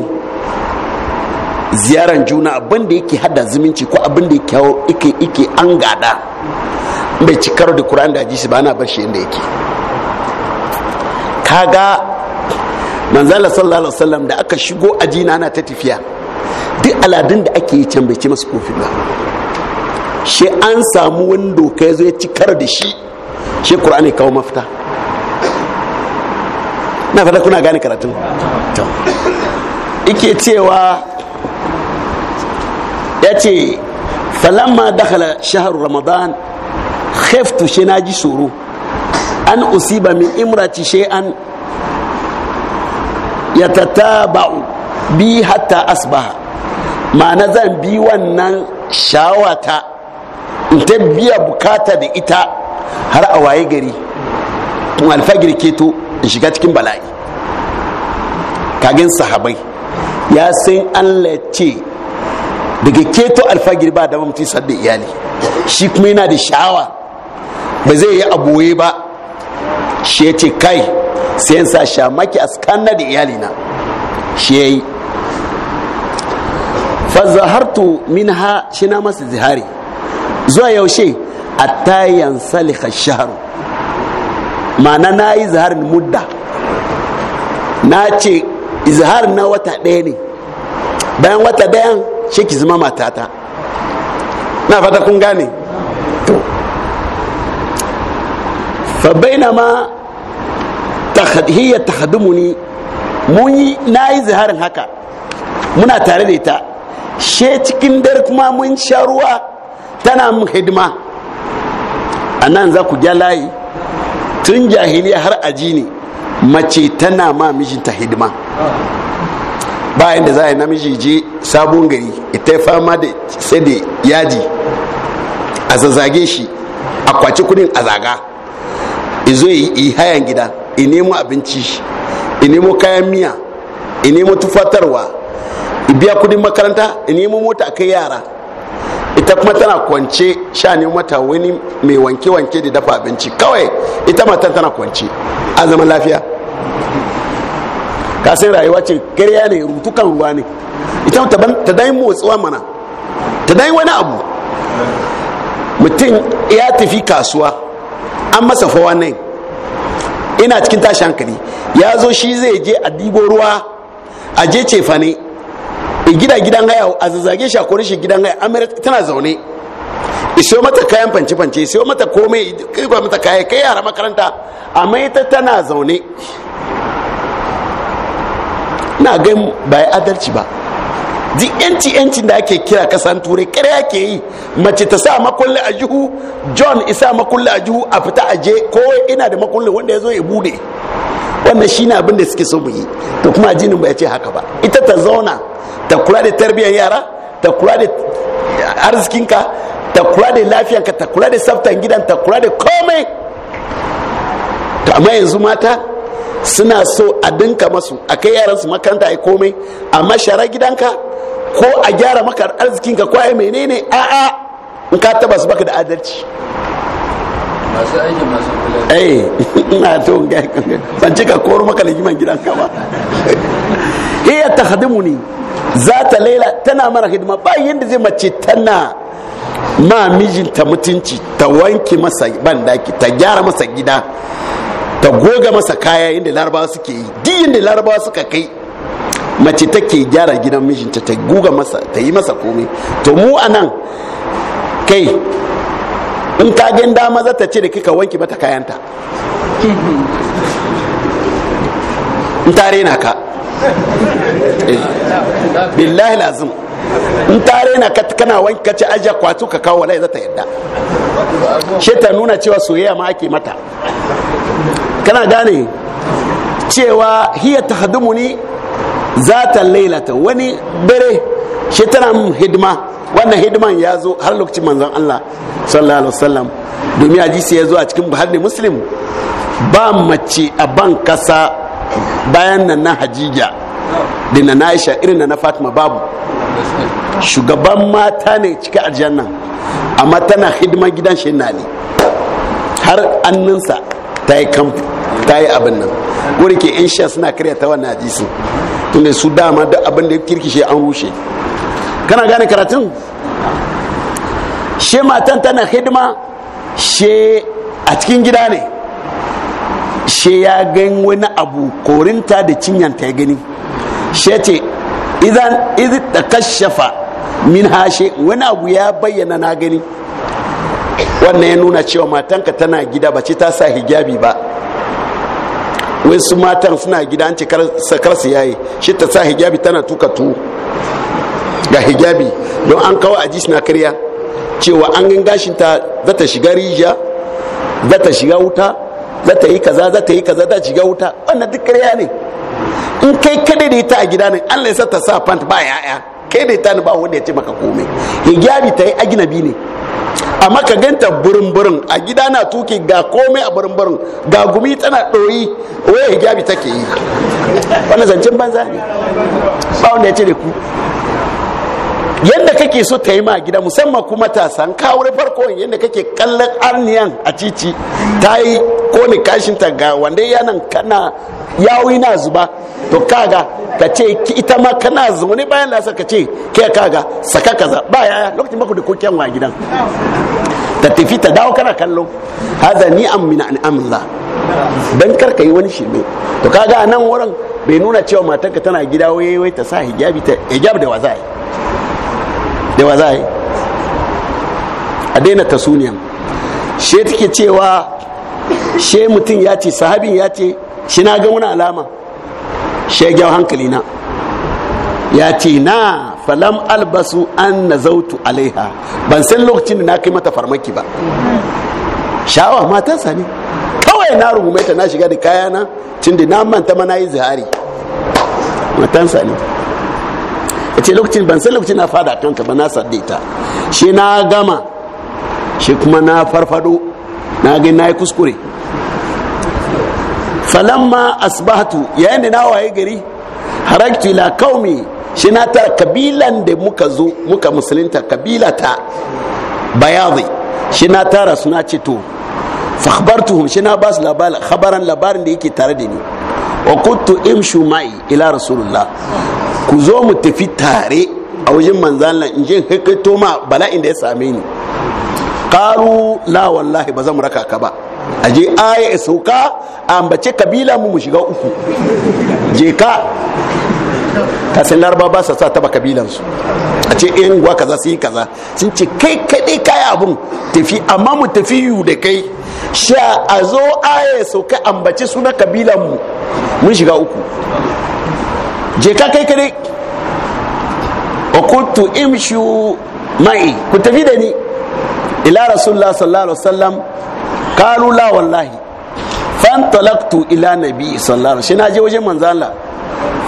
ziyaran juna abinda yake hada zumunci ko abinda yake yake ike an gada bai cikar da kuran da ji shi ba na bar shi yadda yake kaga manzala sallallahu alaihi wasallam da aka shigo ajina na ta tafiya duk aladun da ake yi can bai ci masu kofi ba shi an samu wani doka ya zo ya cikar da shi shi qur'ani kawo mafita na fata kuna gane karatun ike cewa ya ce falamma dakala shahar ramadan khaftu shi na ji tsoro an usiba min imrati shay'an yatataba'u bi hatta asbaha ma'ana zan bi wannan shawata in ta biya bukata da ita har a waye gari tun alfagir keto in shiga cikin bala'i kagin sahabai ya san allah ce daga keto alfagir ba da mutum sadda iyali shi kuma yana da sha'awa ba zai yi aboye ba shi ya ce kai sai yin sa shamaki a skanna da iyalina shi ya yi fazahartu min ha shi na masa zihari zuwa yaushe a tayan salika shaharu ma'ana na yi zaharin mudda na ce zaharin na wata ɗaya ne bayan wata ɗayan shi ki zama matata na fata kun gane to na ma hiya tahdumuni mun yi nayi ziharin haka muna tare da ita she cikin dare kuma mun sha ruwa tana mun hidima a nan za ku layi tun jahiliya har aji ne mace tana ma mijinta hidima bayan da za a yi namiji je sabon gari ita ya fama da sai da yaji a zazzage shi a kwaci kudin a zaga izo yi hayan gida in nemo abinci in nemo kayan miya in nemo tufatarwa in biya kudin makaranta in nemo mota kai yara ita kuma tana kwance sha ne mata wani mai wanke-wanke da dafa abinci kawai ita matan tana kwance a zaman lafiya kasan rayuwa ce karya ne rutukan ruwa ne ita ta dai motsuwa mana ta dai wani abu mutum ya tafi kasuwa an masa fawa nan ina cikin tashi hankali ya zo shi zai je a ɗigo ruwa a je cefa ne e, gida gidan haya a zazzage shi a kori shi gidan haya amirat tana zaune e, iso mata kayan fance-fance iso mata komai kai mata kaya kai yara makaranta amma ita tana zaune na gan ba adalci ba ji yanci yanci da ake kira kasan turai kare ake yi mace ta sa makulli a jihu john isa makulli a jihu a fita aje je ko ina da makulli wanda ya zo ya bude wannan shi ne abin da suke so mu yi to kuma ajinin ba ya ce haka ba ita ta zauna ta kula da tarbiyyar yara ta kula da arzikinka ta kula da lafiyanka ta kula da tsaftan gidan ta kula da komai to amma yanzu mata suna so a dinka masu a kai yaransu makaranta a yi komai amma shara gidanka ko a gyara maka arzikinka ko kwaye menene a'a in ka taba su baka da adalci masu aiki masu kula eh ina to ban ka koro maka gidan ka ba iya tahdimuni za ta laila tana mara hidima ba yadda zai mace tana ma mijinta mutunci ta wanke masa ban daki, ta gyara masa gida ta goga masa kaya yadda larabawa suke yi duk yadda larabawa suka kai mace take gyara gidan mijinta ta guga masa ta yi masa komai to mu anan kai in ka gan dama za ta ce da kika wanki mata kayanta in ta rena ka eh, billahi lazim in ta rena ka kana wanki ka ce ajiya kwato ka kawo wallahi za ta yadda she ta nuna cewa soyayya ma ake mata kana gane cewa hiya tahdumuni za ta lailata wani dare shi tana hidima wannan hidiman ya zo har lokacin manzon Allah sallallahu alaihi wasallam domin hadisi ya zo a cikin Buhari Muslim ba mace a ban kasa bayan nan na Hajija da na Aisha irin na Fatima babu shugaban mata ne cika aljanna amma tana hidiman gidan shi ne har annansa ta yi kamfi ta yi abin nan wurin ke in suna karya ta wannan hadisi tunda su dama da abin da kirkishe an rushe kana gane karatun she matan tana hidima she a cikin gida ne she ya gan wani abu korinta da cinyanta ya gani she ce idan izi ta kashafa min hashe wani abu ya bayyana na gani wannan ya nuna cewa matanka tana gida ba ce ta sa hijabi ba wai su matan suna gida an ce sakar su yayi shi ta sa hijabi tana tuka tu ga hijabi don an kawo a na karya cewa an gan gashin ta za ta shiga rija za ta shiga wuta za ta yi kaza za ta yi kaza za ta shiga wuta wannan duk karya ne in kai kada da ita a gida ne allah ya sa ta sa pant ba ya'ya kai da ita ba wanda ya ce maka komai hijabi ta yi bi ne amma ka ganta burin-burin a gida na tuki ga komai a burin-burin ga gumi tana ɗori waya hijabi take yi wani zancen banza ne ba wanda ya ce da ku yadda kake so ta yi ma gida musamman kuma ta ka farko yadda kake kallon arniyan a cici ta yi kone kashin ta ga wanda yanan kana yawo na zuba to kaga ka ce ita ma kana ne bayan lasa ka ce ke kaga saka kaza ba ya lokacin ba da kokiyan wa gidan ta tafi ta dawo kana kallo haza ni an min an'amillah dan kar ka yi wani shirme to kaga nan wurin bai nuna cewa matarka tana gida waye ta sa hijabi ta da waza. da wa za a yi a daina tasuniyan she take cewa she mutum ya ce sahabin ya ce shi na ga wani alama she gyau hankali na ya ce na falam albasu an na zautu alaiha ban san lokacin da na kai mata farmaki ba sha'awa matansa ne kawai na rungume ta na shiga da kayana cin da na manta mana yi zahari matansa ne ya ce lokacin ban san lokacin na fada kanka ba na saddaita shi na gama shi kuma na farfado na ga na yi kuskure falamma asbahtu yayin da na waye gari haraktu ila kaumi shi na tara kabilan da muka zo muka musulunta ta bayadi shi na tara suna ce to fakhbartuhum shi na ba su labarin khabaran labarin da yake tare da ni wa kuntu imshu ma'i ila rasulullah ku zo mu tafi tare a wajen manzala in jin hikaito ma bala'in da ya same ni karu la wallahi ba zan raka ka ba a je aya ya sauka a ambace kabila mu mu shiga uku je ka kasin san ba sa sa taba kabilansu a ce in eh, gwa kaza su yi kaza sun ce kai kaɗai kai abin tafi amma mu tafi yu da kai sha a zo aya sauka ambace suna kabilan mu mun shiga uku je ka kai kare wa kuntu imshu ma'i ku tafi da ni ila rasulullah sallallahu alaihi wasallam qalu la wallahi fantalaqtu ila nabi sallallahu alaihi wasallam je wajen manzo Allah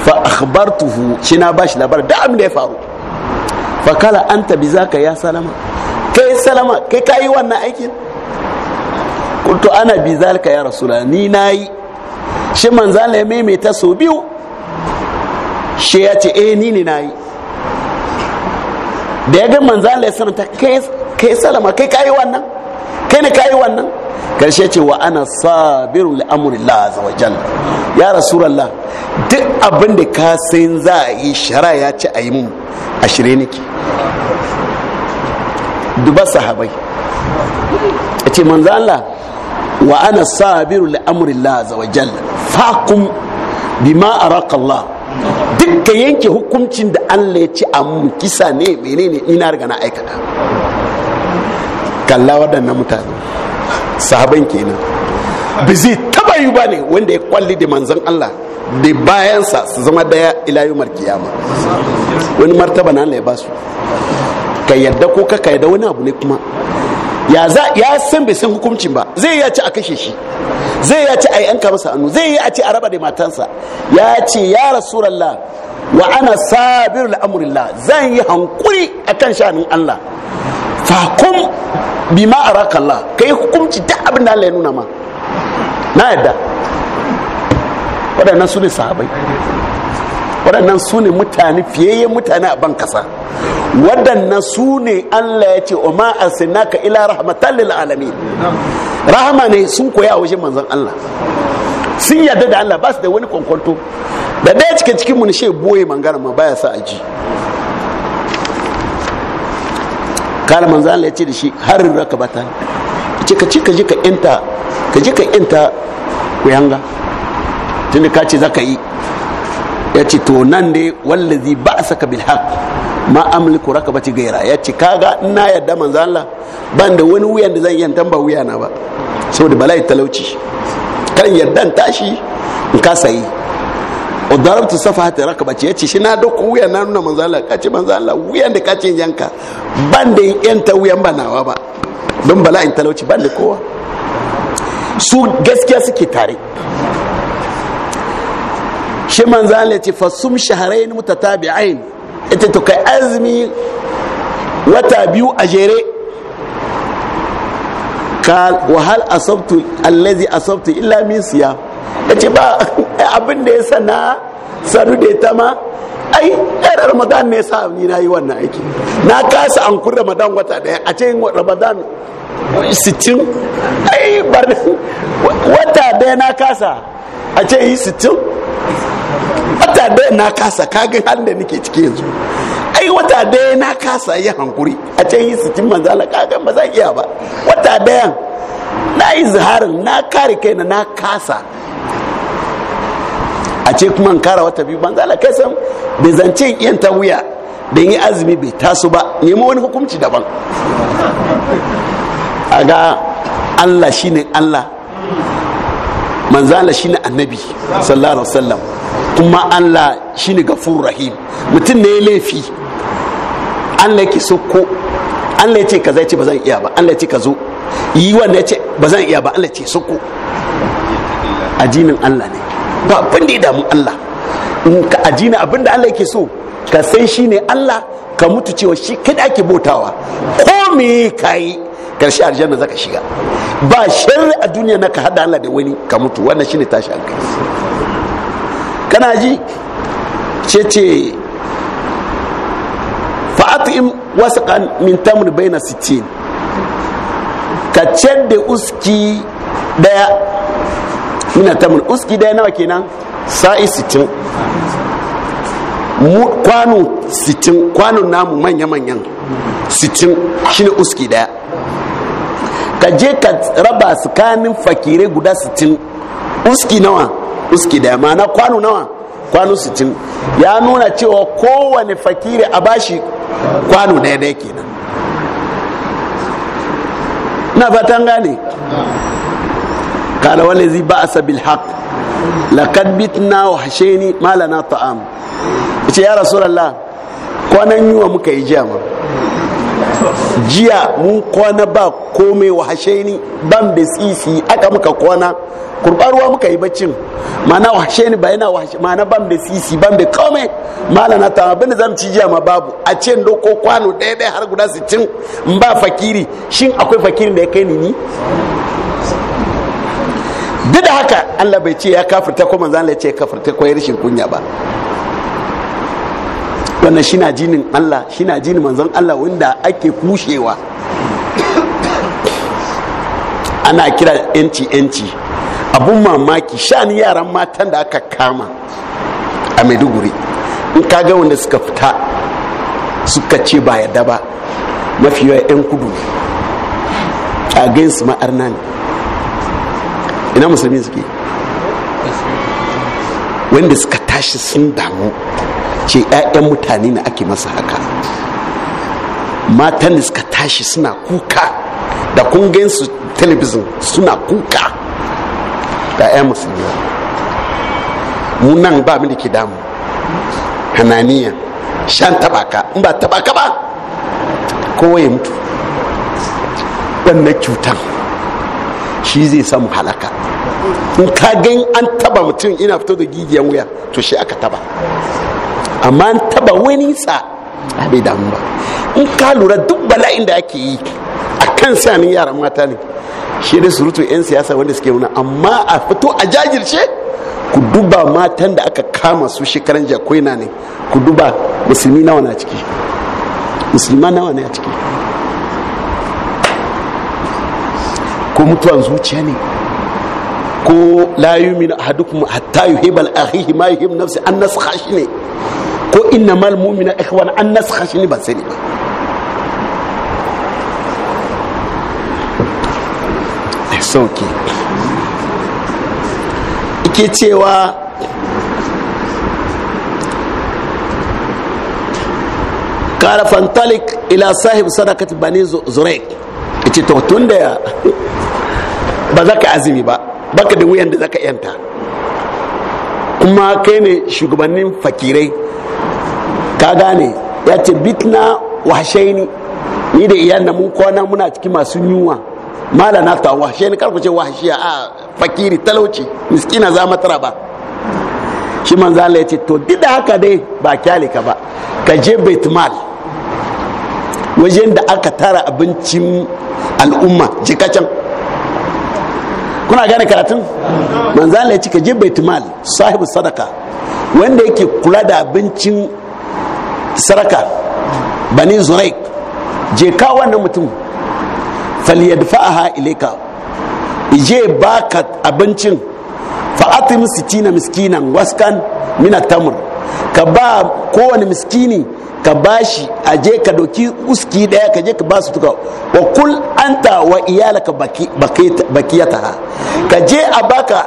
fa akhbartuhu shi na bashi labar da abin da ya faru fa kala anta bi zaka ya salama kai salama kai kai wannan aikin kuntu ana bi zalika ya rasulullah ni nayi shi manzo Allah ya maimaita so biyu shi ya ce eh ni ne na yi da ya ga manzo Allah ya sanata kai salama kai kayi wannan kai ne kayi wannan karshe ce wa ana sabiru li amrillah azza wa jalla ya rasulullah duk abin da ka san za a yi shara ya ce a yi mun ashire niki duba sahabai ya ce manzo Allah wa ana sabiru li amrillah azza wa jalla fakum bima araka duk yanke hukuncin da Allah ya ci a mun kisa ne menene ina na riga na aikata kalla waɗannan mutane sahaban kenan ba zai taba yi ba ne wanda ya kwalli da manzan Allah da bayansa su zama daya ilayumar kiyama wani martaba na Allah ya basu ka yadda ko ka yadda wani abu ne kuma ya za ya san bai san hukuncin ba zai ya ci a kashe shi zai ya ci a yanka masa hannu zai ya ci a raba da matansa ya ce ya rasulullah wa ana sabirul amrillah zan yi hankuri akan shanin Allah Fa fakum bima araka kai hukunci duk abin da Allah ya nuna ma na yadda waɗannan su ne sahabai waɗannan su ne mutane fiyayyen mutane a ban kasa waɗannan su ne allah ya ce o ma ka ila rahmatan lil alamin rahama ne sun koya a wajen manzon allah sun yarda da allah ba su da wani kwankwanto da ɗaya cikin cikin mun shi boye mangana ma baya sa aji kala manzon allah ya ce da shi harin rakabata ce ka ce ka je ka yanta ka je ka yanta ku yanga tunda ka ce za ka yi ya ce to nan dai wallazi ba a saka bil haq ma amliku rakabati gaira ya ce kaga ina yadda manzo Allah ban da wani wuyan da zan yanta ba wuya na ba saboda bala'i talauci kan yaddan tashi in ka sayi udarabtu safahata rakabati ya ce shi na doko wuyan na nuna manzo Allah ka ce manzo Allah wuyan da ka ce yanka ban da yan ta wuyan ba nawa ba don bala'i talauci ban da kowa su gaskiya suke tare shi manzo Allah ce fasum shahrayn mutatabi'ain ita to kai azmi wata biyu a jere kal wa hal asabtu allazi asabtu illa min siya yace ba abin da ya sana sanu da ta ma ai ɗan ramadan ne sa ni na yi wannan aiki na kasa an kun ramadan wata daya a cikin ramadan 60 ai bar wata daya na kasa a ce yi wata daya na kasa kagin halin da nake ciki yanzu ai wata daya na kasa yi hankuri a can yi su cin manzala kagin ba zan iya ba wata daya na yi ziharin na kare kai na na kasa a ce kuma in kara wata biyu manzala kai san da zance yan ta wuya da yi azumi bai taso ba nemi wani hukunci daban a ga allah shine allah manzala shine annabi sallallahu alaihi wasallam kuma allah shine gafur rahim mutum ne laifi allah yake so ko allah ya ce kaza ce ba zan iya ba allah ya ce ka zo yi wanda ya ce ba zan iya ba allah ya ce so ko ajinin allah ne ba abin da ya damu allah in ka ajina abin da allah yake so ka san shi ne allah ka mutu cewa shi kada ake bautawa ko me kai karshe aljanna zaka shiga ba sharri a duniya na ka hada allah da wani ka mutu wannan shine tashi hankali kana ji ce ce fa'atim wasu min tamr baina sittin ka da uski daya mina tamr uski daya nawa kenan sa'i sittin kwano sittin kwano namu manya-manyan sittin shine uski daya ka je ka raba tsakanin fakire guda sittin uski nawa uski daya ma na kwano nawa kwano 60 ya nuna cewa kowane fakiri a bashi kwano daya daya kenan na fatan gane kala wani zai ba asa bil haq laqad bitna wa hasheni malana ta'am ce ya rasulullah kwanan yiwa muka yi ma. jiya mun kwana ba komai wahashe ni ban da sisi aka muka kwana kurbarwa muka yi baccin mana wahashe ni ba yana wahashe mana ban da sisi ban da komai mala na tama bin ci jiya ma babu a ce in doko kwano ɗaya ɗaya har guda sittin in ba fakiri shin akwai fakirin da ya kai ni ni duk da haka Allah bai ce ya kafirta ko manzan Allah ya ce kafirta ko ya rashin kunya ba wannan shi na jinin Allah shi na jinin manzon Allah wanda ake kushewa ana kira yanci yanci abun mamaki shani yaran matan da aka kama a maiduguri in kaga wanda suka fita suka ce ba yadda ba mafi yawa 'yan kudu a gainsu ina musulmi suke wanda suka tashi sun damu ce 'ya'yan mutane na ake masa haka matan da suka tashi suna kuka da kungensu telebizin suna kuka da 'ya'yan musulmi munan ba mu da ke damu hananiya shan tabaka in ba tabaka ba kowa ya mutu na cutar shi zai samu halaka in ka gan an taba mutum ina fito da gigiyan wuya to shi aka taba amma an taba wani sa a bai damu ba in ka lura duk bala'in da ake yi a kan sanin yara mata ne shi da surutu 'yan siyasa wanda suke wuna amma a fito a jajirce ku duba matan da aka kama su shekaran na ne ku duba musulmi nawa na ciki musulma nawa ne ciki ko mutuwan zuciya ne ko la yumin ahadukum hatta yuhibal akhihi ma yuhibbu nafsi an naskha shi ne ko innamal mu'mina ikhwan an naskha shi ne ba sani ba sauki ike cewa kara fantalik ila sahib sadakati bani zurek ita to tun da ba za ka azumi ba baka da wuyan da za ka yanta kuma kai ne shugabannin fakirai ka gane ya ce bitna wahashai ni ni da iyan na mun kwana muna cikin masu yunwa mala na ta wahashai ni karku ce a fakiri talauci miskina za matara ba shi manzo Allah ya ce to duk da haka dai ba kyale ka ba ka je baitmal wajen da aka tara abincin al'umma jikacin kuna gane karatun manzan Allah ya ci ka je baitmal sahibu sadaka wanda yake kula da abincin saraka bani zuraik je ka wannan mutum ka ilayka ije baka abincin fa'atim sitina miskinan waskan mina tamur ka ba kowane miskini ka bashi a je ka doki uski daya ka je ka basu tuka wa kul anta wa iyalaka bakiyataha ka je a baka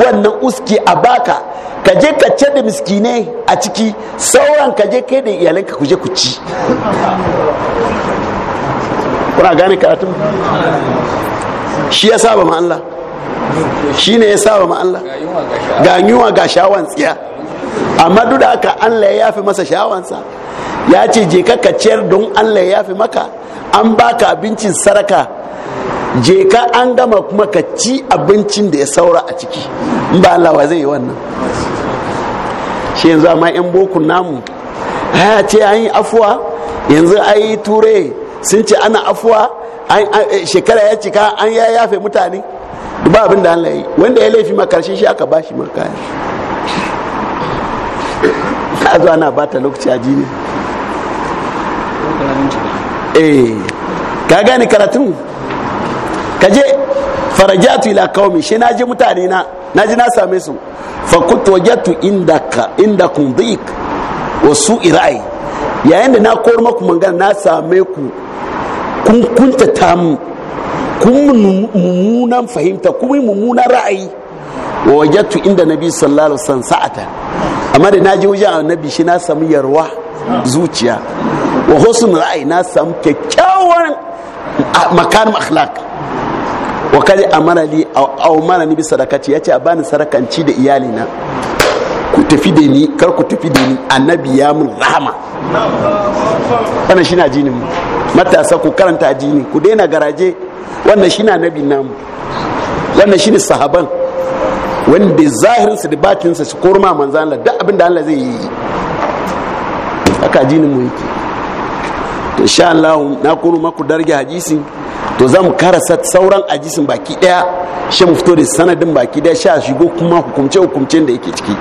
wannan uski a baka ka je ka ce da miskine a ciki sauran ka je kai da iyalanka ku je ku ci kuna gane karatun shi ya saba ma shi ne ya saba ma ga yunwa ga shawan tsiya amma duk da haka allah ya yafi masa shawansa ya ce je ka ka ciyar don allah ya yafe maka an baka abincin saraka je ka an gama kuma ka ci abincin da ya saura a ciki in ba allah wa zai yi wannan shi yanzu amma yan bokun namu ya ce an yi afuwa yanzu ai ture sun ce ana afuwa eh, shekara ya cika an ya yafe mutane ba abin da Allah yi wanda ya laifi ma shi aka ba shi makarshe ka zo ana ta lokaci a ne eh ka gane karatun ka je farajatu ila kawomi shi na je mutane na na ji na same su fa kuntu wajatu indaka indakum dhiq wa su'i ra'yi yayin da na kowar maku mangana na same ku kun kunta mu kun mummunan fahimta kun mummunan ra'ayi wa wajatu inda nabi sallallahu alaihi wasallam sa'ata amma da naji wajen annabi shi na samu yarwa zuciya wa husn ra'ayi na samu kyakkyawan makarim akhlaq wa kadi amara li aw amara ni bi sadakati yace a bani sarakanci da iyalina ku tafi da ni kar ku tafi da ni annabi ya mun rahama wannan shi na jinin mu matasa ku karanta jini ku daina garaje wannan shi na nabi namu wannan shi ne sahaban wanda zahirinsa da batinsa su korma manzan Allah duk abin da Allah zai yi Aka jinin mu yake to sha Allah na maku darge hadisi to za mu karasa sauran hadisin baki daya shi mu fito da sanadin baki daya sha shigo kuma hukumce hukumcen da yake ciki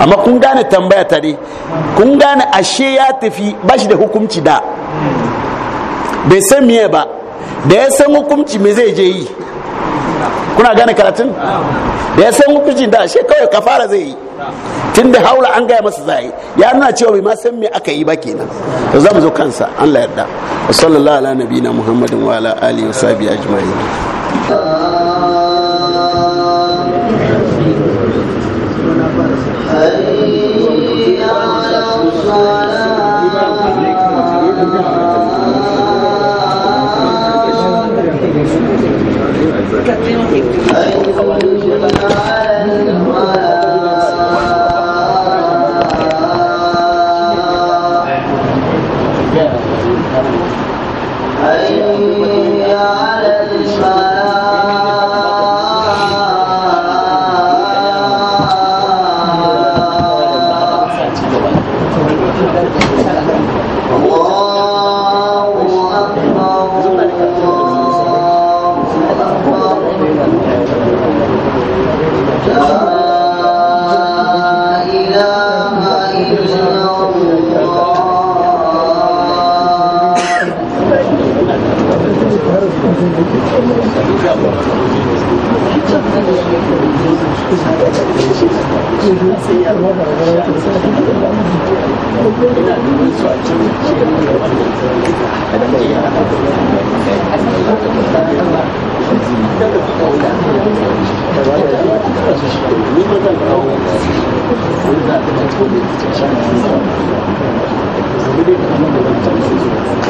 amma kun gane tambaya ta ne kun gane ashe ya tafi ba da hukumci da bai san miye ba da ya san hukumci me zai je yi kuna gane karatun da ya san hukuncin da shi kawai kafara zai yi tun da haula an gaya masa zai ya nuna cewa bai ma san me aka yi ba kenan to za mu zo kansa Allah yarda wa sallallahu ala nabiyina muhammadin wa ala alihi wa sahbihi ajma'in Thank 特别自己想去做，不是为了他们，为了自己去做。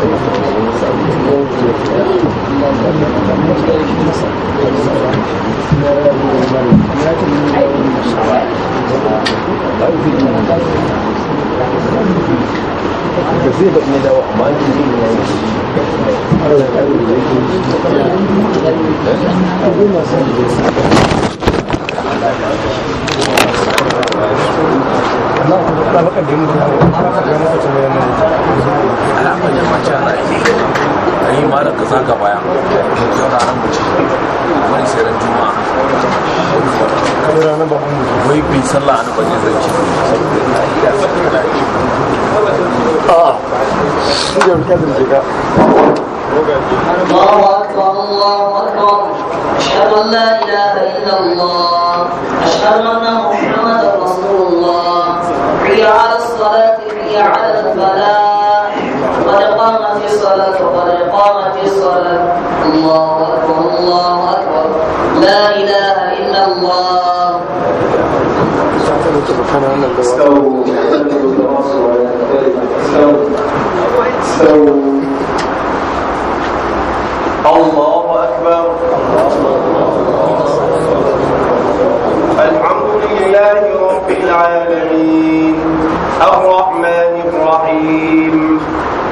Gracias. wajen wancan da ake ka yi malar ka zaka baya yau ranar mace wani tseren juma'a wani ranar ba kuma wai bin sallah a nufin zai ce الله أكبر الله أكبر أشهد أن لا إله إلا الله أشهد أن محمدا رسول الله هي على الصلاة هي على الفلاح وقد قامت الصلاة وقد إقامت الصلاة الله أكبر الله أكبر لا إله إلا الله استووا استووا الله أكبر الحمد لله رب العالمين الرحمن الرحيم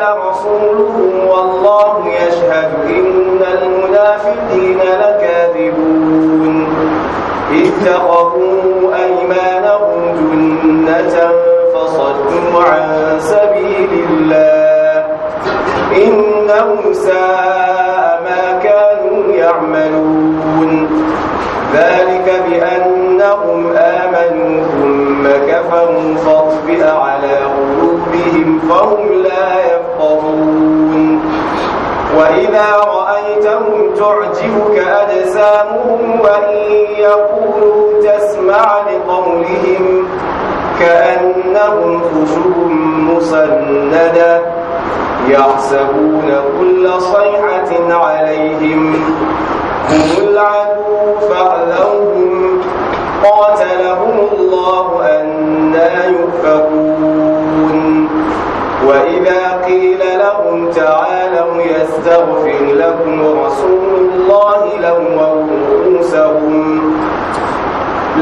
لرسوله والله يشهد إن المنافقين لكاذبون اتخذوا أيمانهم جنة فصدوا عن سبيل الله إنهم ساء ما كانوا يعملون ذلك بأنهم آمنوا ثم كفروا فاطبئ على قلوبهم بهم فهم لا يفقهون وإذا رأيتهم تعجبك أجسامهم وإن يقولوا تسمع لقولهم كأنهم خشب مسندة يحسبون كل صيحة عليهم هم العدو فاعذوهم قاتلهم الله أنا يؤفكون وإذا قيل لهم تعالوا يستغفر لكم رسول الله لو رؤوسهم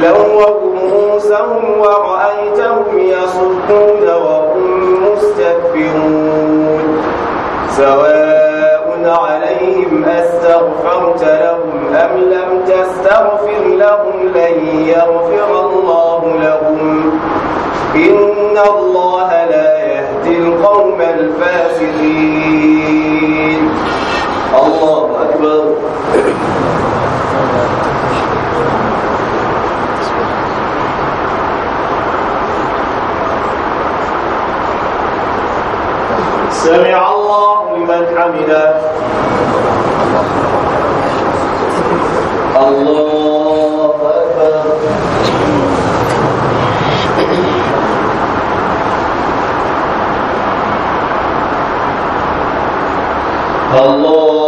لو رؤوسهم ورأيتهم يصدون وهم مستكبرون سواء عليهم أستغفرت لهم أم لم تستغفر لهم لن يغفر الله لهم إن الله لا القوم الفاسقين الله أكبر سمع الله لمن حمده الله Allah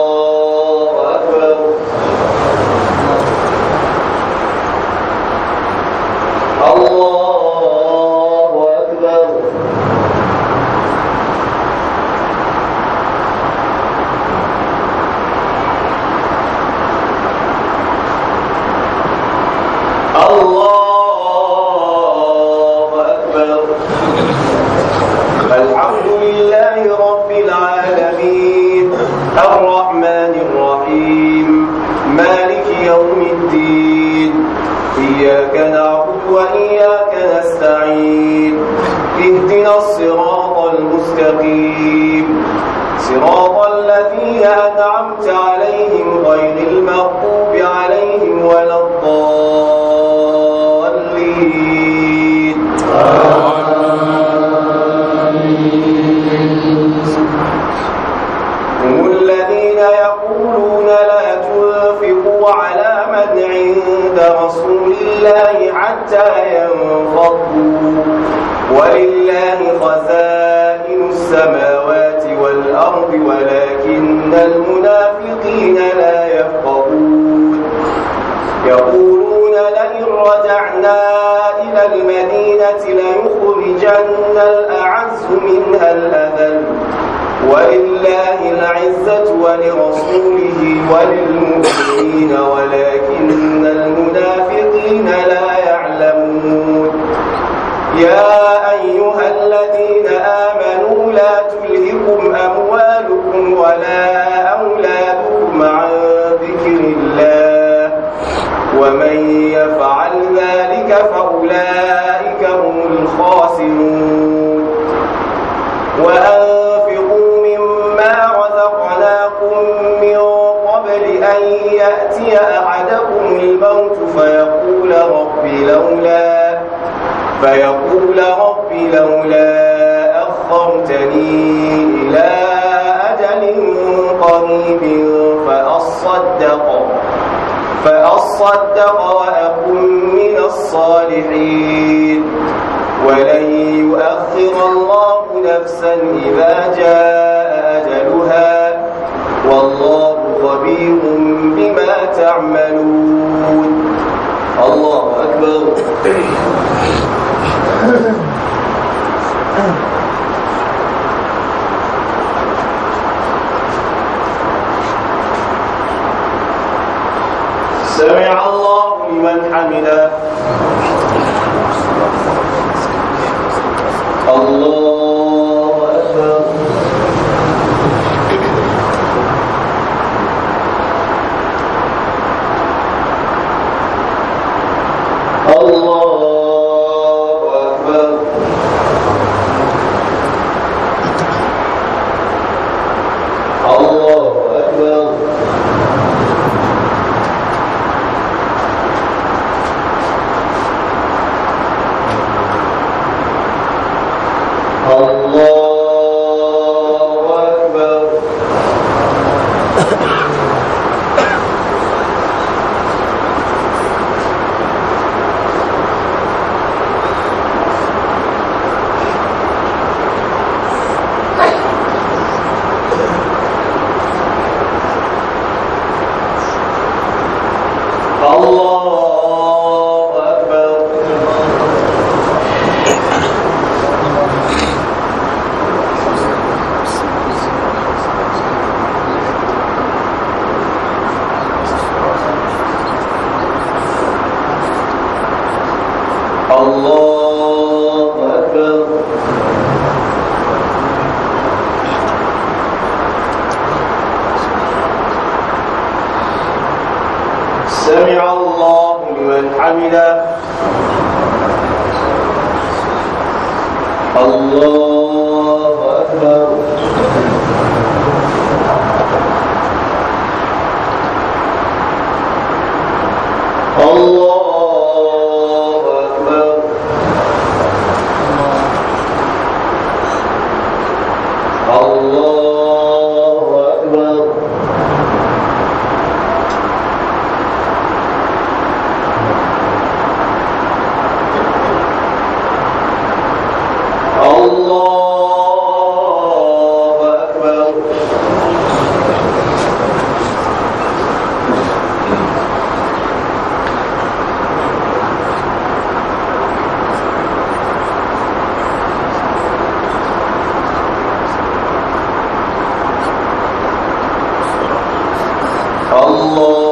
الله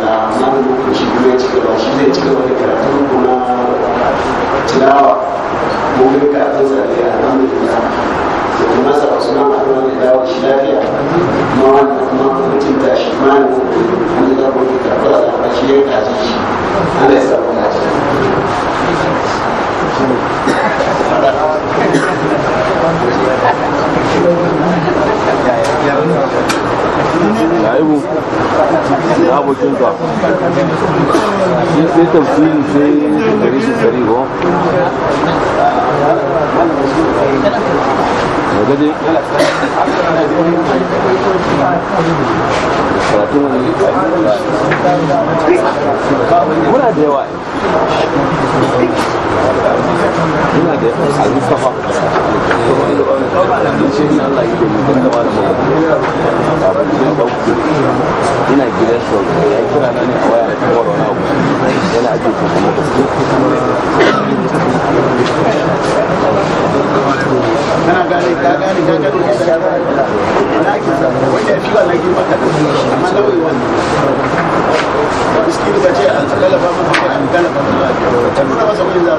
na nan shi ya ci gaba shi zai ci gaba da karatun kuma tilawa mun karatun zane a nan da ina da kuma sa wasu nan a da dawo shi lafiya kuma wannan kuma mutum da shi ma ne an da dawo karatun zane shi ya kaji shi ana yasa bukaci yayibu da abokinka shi sai tafsiri sai gari shi ko da gaje muna da yawa ina da ina na ka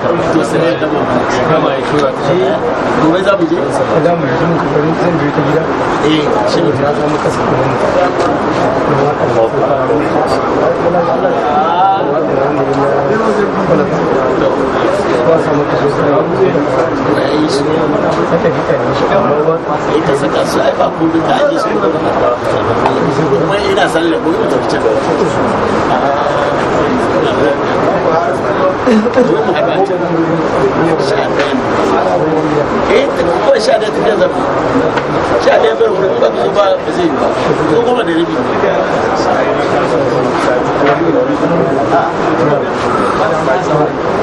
to sai da mu kama ya zan je ta gida eh shi ne ta samu kasa ita saka su ai ba kudin da ake shi kuma ina san da kudin da fice eh kuma sha da tafiya zama sha da bai wurin ba ba ba zai yi ba ko goma da rabi Valeu mais a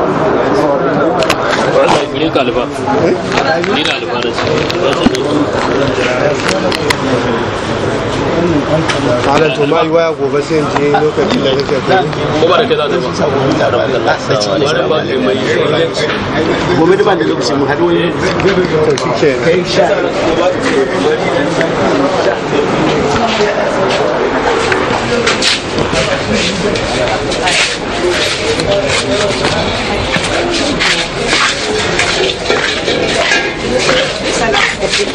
Allah ya Malam to mai waya gobe sai in je lokacin da nake kai. Ko ba da kai za ta ba. Gobe da ban da lokacin mu haɗu wani. To shi ke. Kai sha. 算了，不去了。